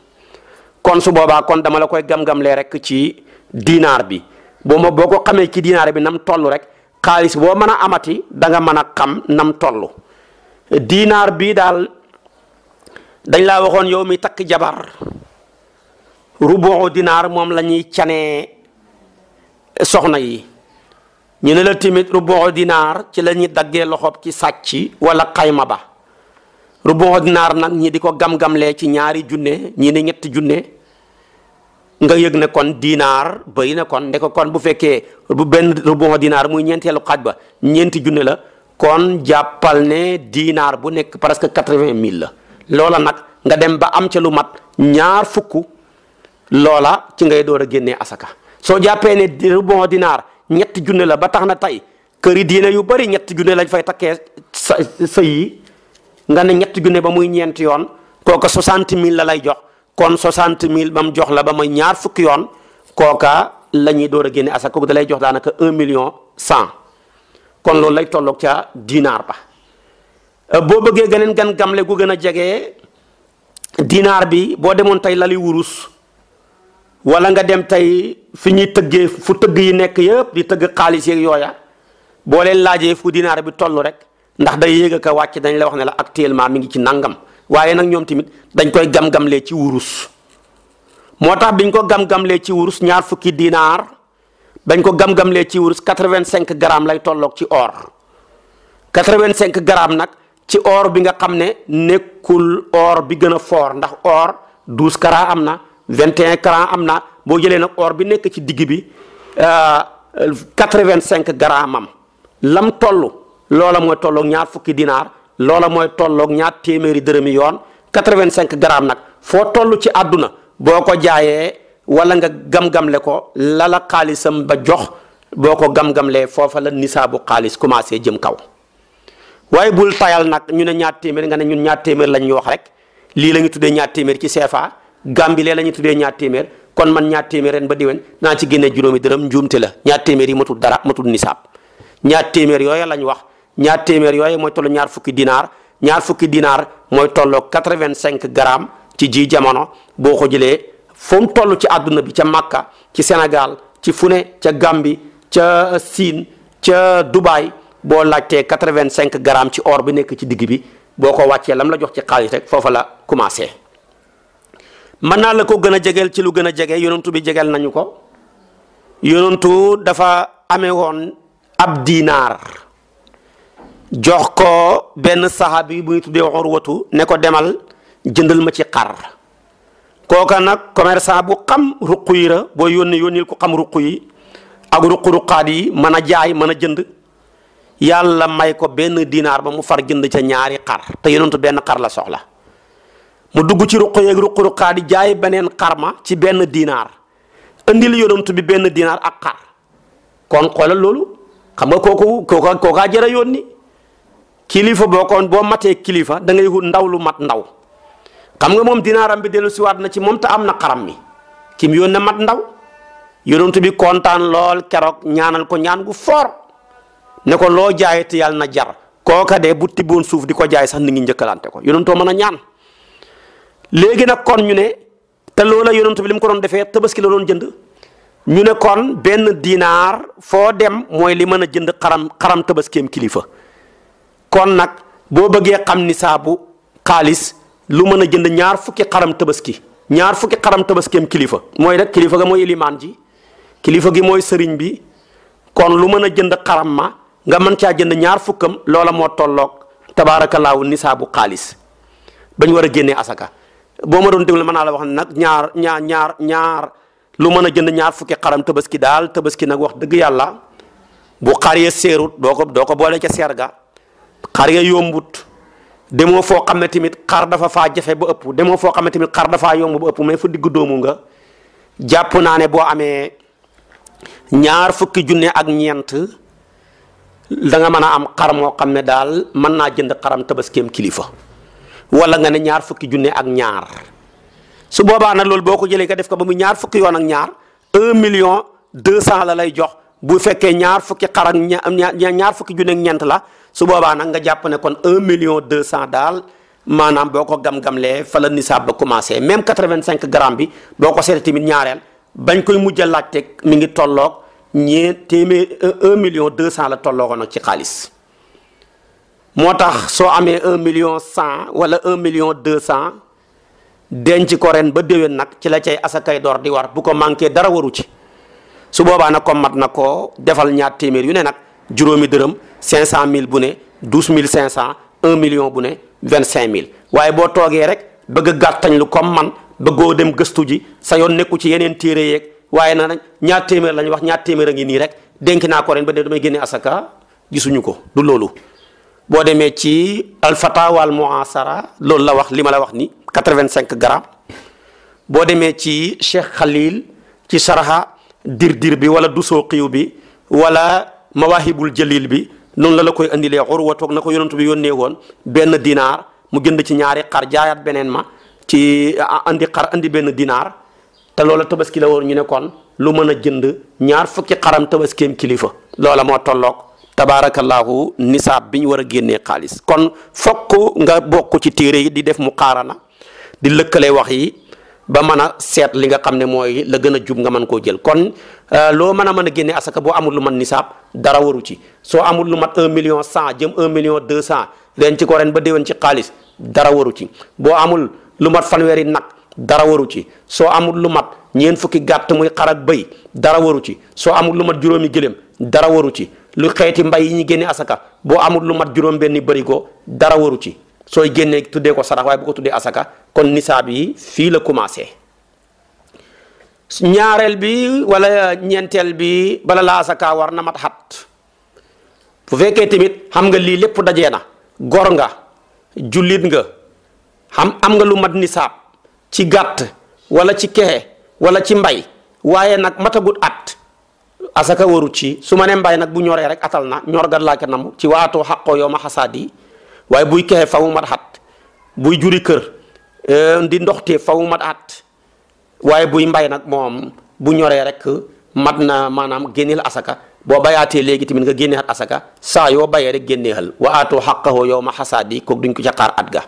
kon su boobaa kon dama la koy gam-gamlee rek ci diinaar bi boo ma boo ko xamee ci diinaar bi nam toll rek xaalis boo mën a amati danga nga mën a xam nam toll diinaar bii daal dañ la waxoon yow mi takk jabar rubu dinaar moom la ñuy canee soxna yi ñu ne la tamit rubu dinaar ci la ñuy daggee loxoob ci sàcc walla xayma ba rubu dinaar nag ñi di ko gam-gamlee ci ñaari junne ñi ne ñetti junne nga yëg ne kon dinaar bëri na kon ndeko kon bu fekkee bu benn rubu dinaar muy ñeenteelu xaaj ba ñeenti junne la kon jàppal ne dinaar bu nekk presque quatre-vingt mille la loola nag nga dem ba am ca lu mat ñaar fukk loola ci ngay door a génne asaka soo jàppee ne rubu dinaar ñetti junne la ba tax na tey këri diine yu bëri ñetti junne lañ fay takkee sa sëy nga ne ñetti junne ba muy ñeenti yoon kooka soixante mille la lay jox kon 60 mille ba mu jox la ba ma ñaar fukki yoon kooka lañuy door a génne asaka kooku da lay jox daanaka un million 100 kon loolu lay tolloog ca dinaar ba euh, boo bëggee geneen gan gamle gu gën a jege dinaar bi boo demoon tey lali wurus wala nga dem tey fi ñuy tëggee fu tëgg yi nekk yëpp di tëgg xaalis yeeg yooya boo leen laajee fu dinaar bi toll rek ndax day yéeg a ko wàcc dañ la wax ne la actuellement mu ngi ci nangam. waaye nag ñoom tamit dañ koy gam-gamlee ci wurus moo tax biñ ko gam-gamlee ci wurus ñaar fukki dinaar bañ ko gam-gamlee ci wurus quatre-vingt-cinq grammes lay tolloog ci oor quatre-vingt-cinq grammes nag ci or bi nga xam ne nekkul or bi gën a foor ndax or douze carats am na vingt et un am na boo jëlee nag or bi nekk ci digg bi euh, quatre-vingt-cinq grammes am lam toll loola mooy tolloog ñaar fukki dinaar loola mooy tollook ñaar téeméeri dërëm yoon 85 grammes nag foo toll ci àdduna boo ko jaayee wala nga gam-gamle ko lala xaalisam ba jox boo ko gam-gamlee foofa la nisaabu xaalis commencé jëm kaw waaye bul tayal nag ñu ne ñaar téeméer nga ne ñun ñaar téeméer lañ ñu wax rek lii la ñu tuddee ñaar téeméer ci CFA Gambie lee la ñu tuddee ñaar téeméer kon man ñaar téeméer ren ba diwen naa ci génne juróomi dërëm njuumte la ñaar téeméer yi matul dara matul nisaab ñaar téeméer yooya lañ wax ñaar téeméer yooyu mooy toll ñaar fukki dinaar ñaar fukki dinaar mooy tolloo quatre-vingt-cinq grammes ci ji jamono boo ko jëlee fu mu toll ci àdduna bi ca Makka ci Sénégal ci Fune ca Gambie ca Siin ca Dubaay boo laajtee quatre vingt grammes ci oor bi nekk ci digg bi boo ko wàccee lam la jox ci xaalis rek foofu la commencé. mën naa la ko gën a jegeel ci lu gën a jege yonentu bi jegeel nañu ko yonentu dafa amee woon ab dinaar. jox ko benn saxaabi bu ñu tuddee Urwatu ne ko demal jëndal ma ci xar kooka nag commerçant bu xam ruq yi la boo yónni yónnil ko xam ruq yi ak ruq-ruqaat yi mën a jaay mën a jënd yàlla may ko benn dinaar ba mu far jënd ca ñaari xar te yonentu benn xar la soxla mu dugg ci ruq yeeg ruq-ruqaat yi jaay beneen xar ma ci benn dinaar indil yonentu bi benn dinaar ak xar kon xoolal loolu xam nga kooku kooka kookaa jëra yónni kilifa boo ko boo matee kilifa dangay ngay ndaw lu mat ndaw xam nga moom dinaaram bi dellu siwaat na ci moom te am na xaram mi ki yoon na mat ndaw yonent bi kontaan lool keroog ñaanal ko ñaan gu foor ne ko loo jaayati yàlla na jar kooka de bu tibboon suuf di ko jaay sax ni ngi njëkkalante ko yonentoo mën a ñaan léegi nag kon ñu ne te loola yonent bi li mu ko doon defee tabaski la doon jënd ñu ne kon benn dinaar foo dem mooy li mën a jënd xaram xaram kilifa kon nag boo bëggee xam ni saabu xaalis lu mën a jënd ñaar fukki xaram tabaski ñaar fukki xaram tabaskeem kilifa mooy rek kilifa ga mooy ilimaan ji kilifa gi mooy sëriñ bi kon lu mën a jënd xaram ma nga mën caa jënd ñaar fukkam loola moo tolloog tabaarakallaahu nisaabu xaalis bañ war a génnee asaka boo ma doon déglu mën naa la wax nag ñaar ñaar ñaar ñaar lu mën a jënd ñaar fukki xaram tabaski daal tabaski nag wax dëgg yàlla bu xar ya seerut doo ko doo ko boole ca seer xar ya yombut demoo foo xam ne tamit xar dafa faa jafe ba ëpp demoo foo xam ne tamit xar dafaa yomb ba ëpp mais fu digg doomu nga jàpp naa ne boo amee ñaar fukki junne ak ñeent da mën a am xar moo xam ne daal mën naa jënd xaram tabaskeem kilifa wala nga ne ñaar fukki junne ak ñaar su boobaa nag loolu boo ko jëlee nga def ko ba mu ñaar fukki yoon ak ñaar un million deux cent la lay jox bu fekkee ñaar fukki xar ñaar fukki junne ñeent la su boobaa nag nga jàpp ne kon un million deux cent daal maanaam boo ko gam-gamlee fa la nisaab ba commencé même quatre-vingt-cinq gramme bi boo ko seetee tamit ñaareel bañ koy mujj a laajte mi ngi tolloog ñee téeméer euh, un million deux cent la tolloogoon ci xaalis moo tax soo amee un million cent wala un million deux cent denc ko ren ba déwén nag ci la cay asakay door di war bu ko manqué dara waru ci su boobaa nag ko mat na ko defal ñaar téeméer yu ne nag juróomi dërëm mille bu ne 12500 1 million bu ne 25000 waaye boo toogee rek bëgg a tañ lu comme man bëggoo dem gëstu ji sa yoon nekku ci yeneen téere yeeg waaye na ñaat téeméer lañ wax ñaat téeméer ngi nii rek dénk naa ko ren ba de damay génne asaka gisuñu ko du loolu. boo demee ci alfata wal muasara loolu la wax li ma la wax ni 85 grammes boo demee ci Cheikh Khalil ci saraxa dir dir bi wala dusoo xiw bi wala. mawaahibul jalil bi noonu la la koy indilee urwa na ko yonantu bi yónnee woon benn dinaar mu jënd ci ñaari xar jaayaat beneen ma ci andi xar andi benn dinaar te loola tabaski la woon ñu ne kon lu mën a jënd ñaar fukki xaram tabaskeem kilifa loola moo tolloog tabaarakallaahu nisaab bi ñu war a génnee xaalis kon fokk nga bokk ci téere yi di def mu xaarana di lëkkale wax yi ba mën a seet li nga xam ne mooy la gën a jub nga mën koo jël kon euh, loo mën a mën a génne asaka boo amul lu mat nisaab dara waru ci soo amul lu mat million cent jëm un million deux cent ren ci ko ren ba déwén ci xaalis dara waru ci boo amul lu mat fanweeri nag dara waru ci soo amul lu mat ñeent fukki gàtt muy xar ak bëy dara waru ci soo amul lu mat juróomi gëléem dara waru ci lu xeeti mbay yi ñu génne asaka boo amul lu mat juróom benni bërigo dara waru ci sooy génnee tuddee ko sarax waaye bu ko tuddee asaka kon nisaab yi fii la commencé ñaareel bi walla ñeenteel bi bala laa asaka war na mat xat bu fekkee tamit xam nga lii lépp dajee na gor nga jullit nga xam am nga lu mat nisaab ci gàtt wala ci kexe walla ci mbay waaye nag matagut at asaka warut ci su ma ne mbay nag bu ñoree rek atal na ñor ga laaka nam ci waatoo xaqoo yow ma yi waaye buy kexe faw mat at buy juri kër euh, di ndoxte faw mat at waaye buy mbay nag moom bu ñoree rek mat na maanaam génneel asaka boo bayaatee léegi tamit nga génneexat asaka saa yoo bayee rek génneexal wa aatoo xaqahu yow ma xasaadi kook duñ ko ca xaar at ga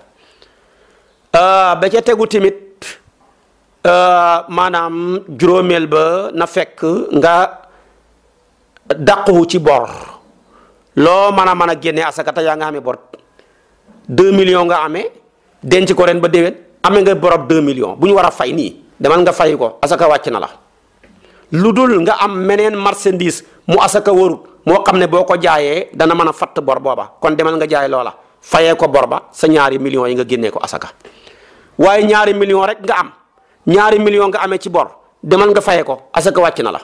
euh, ba ca tegu tamit euh, maanaam juróomeel ba na fekk nga dàquhu ci bor loo mën a mën a génne asaka te yaa nga xamee bor 2 millions nga amee denc ko ren ba déwén amee nga borob 2 millions bu ñu war a fay nii demal nga fay ko asaka wàcc na la lu dul nga am meneen marchandise mu asaka warut moo xam ne boo ko jaayee dana mën a fatt bor booba kon demal nga jaay loola fayee ko bor ba sa ñaari millions yi nga génnee ko asaka waaye ñaari millions rek nga am ñaari millions nga amee ci bor demal nga fayee ko asaka wàcc na la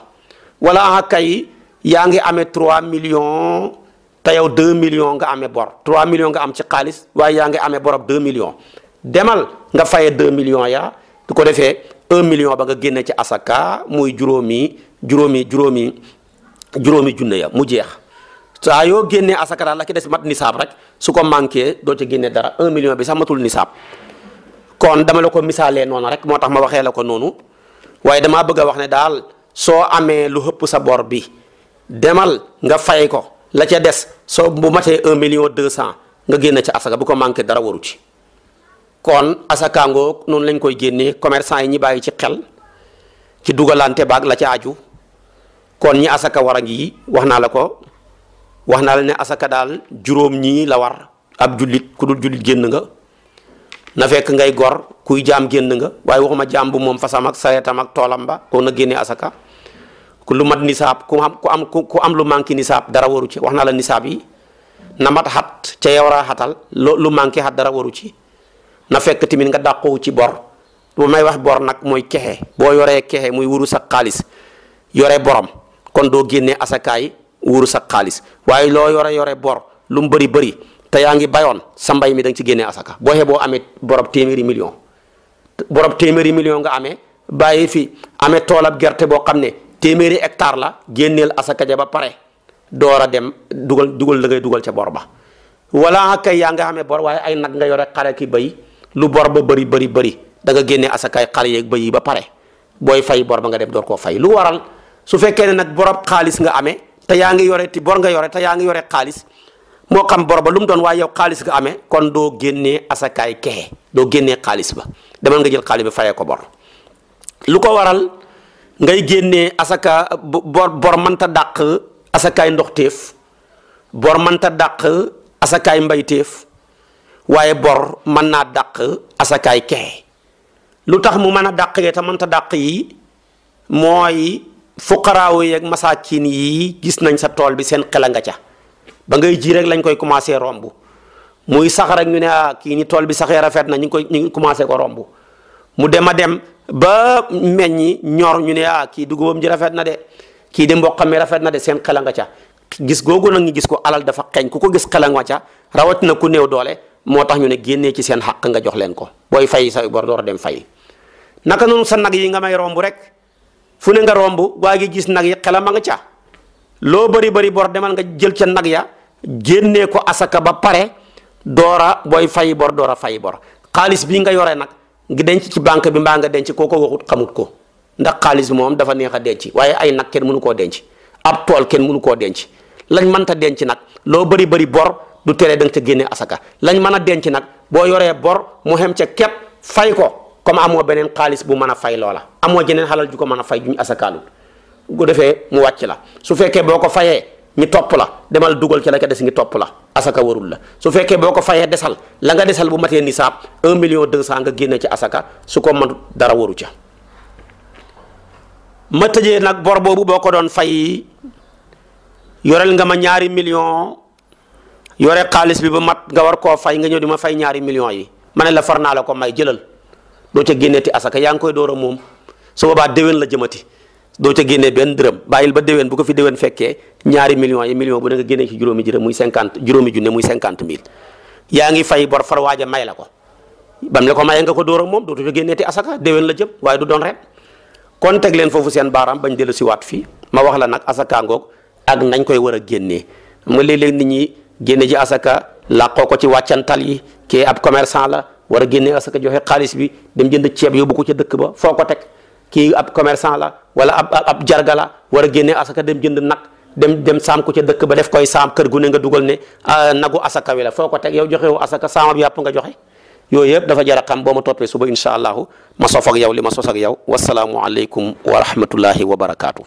yaa ngi amee 3 millions. te yow 2 millions nga amee bor 3 millions nga am ci xaalis waaye yaa ngi amee borob 2 millions demal nga faye 2 millions ya du ko defee 1 million ba nga génnee ci asaka muy juróomi juróomi juróomi juróomi junne ya mu jeex saa yoo génnee asaka daal la ki des mat nisaab rek su ko manqué doo ci génnee dara 1 million bi sax matul nisaab kon dama la ko misaalee noonu rek moo tax ma waxee la ko noonu waaye damaa bëgg a wax ne daal soo amee lu hëpp sa bor bi demal nga fay ko. la ca des soo bu matee un million deux cent nga génne ca asaka bu ko manqué dara waru ci kon asakaango noonu lañ koy génnee commerçant yi ñi bàyyi ci xel ci dugalante baag la ca aju kon ñi asaka war a ngi wax naa la ko wax naa la ne asaka daal juróom ñii la war ab jullit ku dul jullit génn nga na fekk ngay gor kuy jaam génn nga waaye waxuma jaam bu moom fasam ak sareetam ak toolam ba koo na génnee asaka ku lu mat nisaab ku am ku am ku am lu manqué nisaab dara waru ci wax naa la nisaab yi na mat xat ca yow raa xatal loo lu manqué xat dara waru ci na fekk tamit nga dàqowu ci bor bu may wax bor nag mooy kexe boo yoree kexe muy wuru sa xaalis yore borom kon doo génnee asakaay wuru sa xaalis waaye loo yore yore bor lu mu bëri bëri te yaa ngi bayoon sa mbay mi da ci génne asaka boo xee boo amee borom téeméeri million million nga amee bàyyi fi amee toolab gerte boo xam ne téeméeri ectare la génneel asaka ja ba pare door a dem dugal dugal la ngay dugal ca bor ba wala kay yaa nga xamee bor waaye ay nag nga yore xare ki bay lu bor ba bëri bëri bëri danga nga génnee asakaay xare yeeg bay yi ba pare booy fay bor ba nga dem door koo fay lu waral su fekkee ne nag borob xaalis nga amee te yaa ngi yore ti bor nga yore te yaa ngi yore xaalis moo xam bor ba lu mu doon waaye yow xaalis nga amee kon doo génnee asakaay kexe doo génnee xaalis ba demal jël xaalis bi fayee ko bor ngay génnee asaka bor bor ta dàq asakaay ndoxteef bor mënta dàq asakaay mbayteef waaye bor mën naa dàq asakaay kee lu tax mu mën a dàq yee te ta dàq yi mooy fuqaraawu yeeg masaakin yi gis nañ sa tool bi seen xel nga ca ba ngay ji rek lañ koy commencé romb muy sax rek ñu ne ah kii ni tool bi sax saxee rafet na ñu ngi koy ñu ngi commencé ko romb mu dem a dem ba meññi ñor ñu ne ah kii dugubam ji rafet na de kii de mboqam mi rafet na de seen xel ca gis googu nag ñu gis ko alal dafa xeeñ ku ko gis xel nga ca rawatina ku néew doole moo tax ñu ne génnee ci seen xàq nga jox leen ko booy fay sa bor door a dem fay naka noonu sa nag yi nga may romb rek fu ne nga romb waa gi gis nag yi xelam nga ca loo bëri bëri bor demal nga jël ca nag ya génnee ko asaka ba pare door a booy fay bor door a fay bor xaalis bii nga yore nag. ngi denc ci banque bi mbaa nga denc koo ko waxut xamut ko ndax xaalis bi moom dafa neex a denc waaye ay nag kenn mënu koo denc ab tool kenn mënu koo denc lañ mënta denc nag loo bari bëri bor du tere da nga ca génne asaka lañ mën a denc nag boo yoree bor mu xem ca képp fay ko comme amoo beneen xaalis bu mën a fay loola amoo jeneen xalal ju ko mën a fay juñ asakaalul bu defee mu wàcc la su fekkee boo ko fayee ñi topp la demal dugal ci la ca des ngi topp la asaka warul la su fekkee boo ko fayee desal la nga desal bu matee nisaab un million deux cent nga génne ci asaka su ko mën dara waru ca ma tëjee nag bor boobu boo ko doon fay yoreel nga ma ñaari million yore xaalis bi ba mat nga war koo fay nga ñëw di ma fay ñaari millions yi ma ne la far naa la ko may jëlal doo ca génneeti asaka yaa ngi koy door a moom su boobaa déwén la jëmati doo ca génnee benn dërëm bàyyil ba deween bu ko fi déwén fekkee ñaari millions yi million bu ne nga génnee ci juróomi dërëm muy cinquante juróomi junne muy cinquante mille yaa ngi fay bor far waaja may la ko bam la ko mayee nga ko dóor moom dootu ca génnee ti asaka déwén la jëm waaye du doon ren kon teg leen foofu seen baaraam bañ dellu si waat fii ma wax la nag asaka ngoog ak nañ koy war a génnee ma nga léeg nit ñi génne ci asaka làqoo ko ci wàccantal yi kii ab commerçant la war a génnee asaka joxe xaalis bi dem jënd ceeb yóbbu ko ca dëkk ba foo ko teg kii ab commerçant la wala ab ab jarga la war a génne asaka dem jënd nag dem dem saam ko ca dëkk ba def koy saam kër gu ne nga dugal ne ah, nagu asaka wi la foo ko teg yow joxe wu asaka saamab yàpp nga joxe yooyu yëpp dafa jar a boo ma toppee suba incha allahu ma sof ak yow li ma sos ak yow wasalaamualeykum wa rahmatullahi wa barakaatu.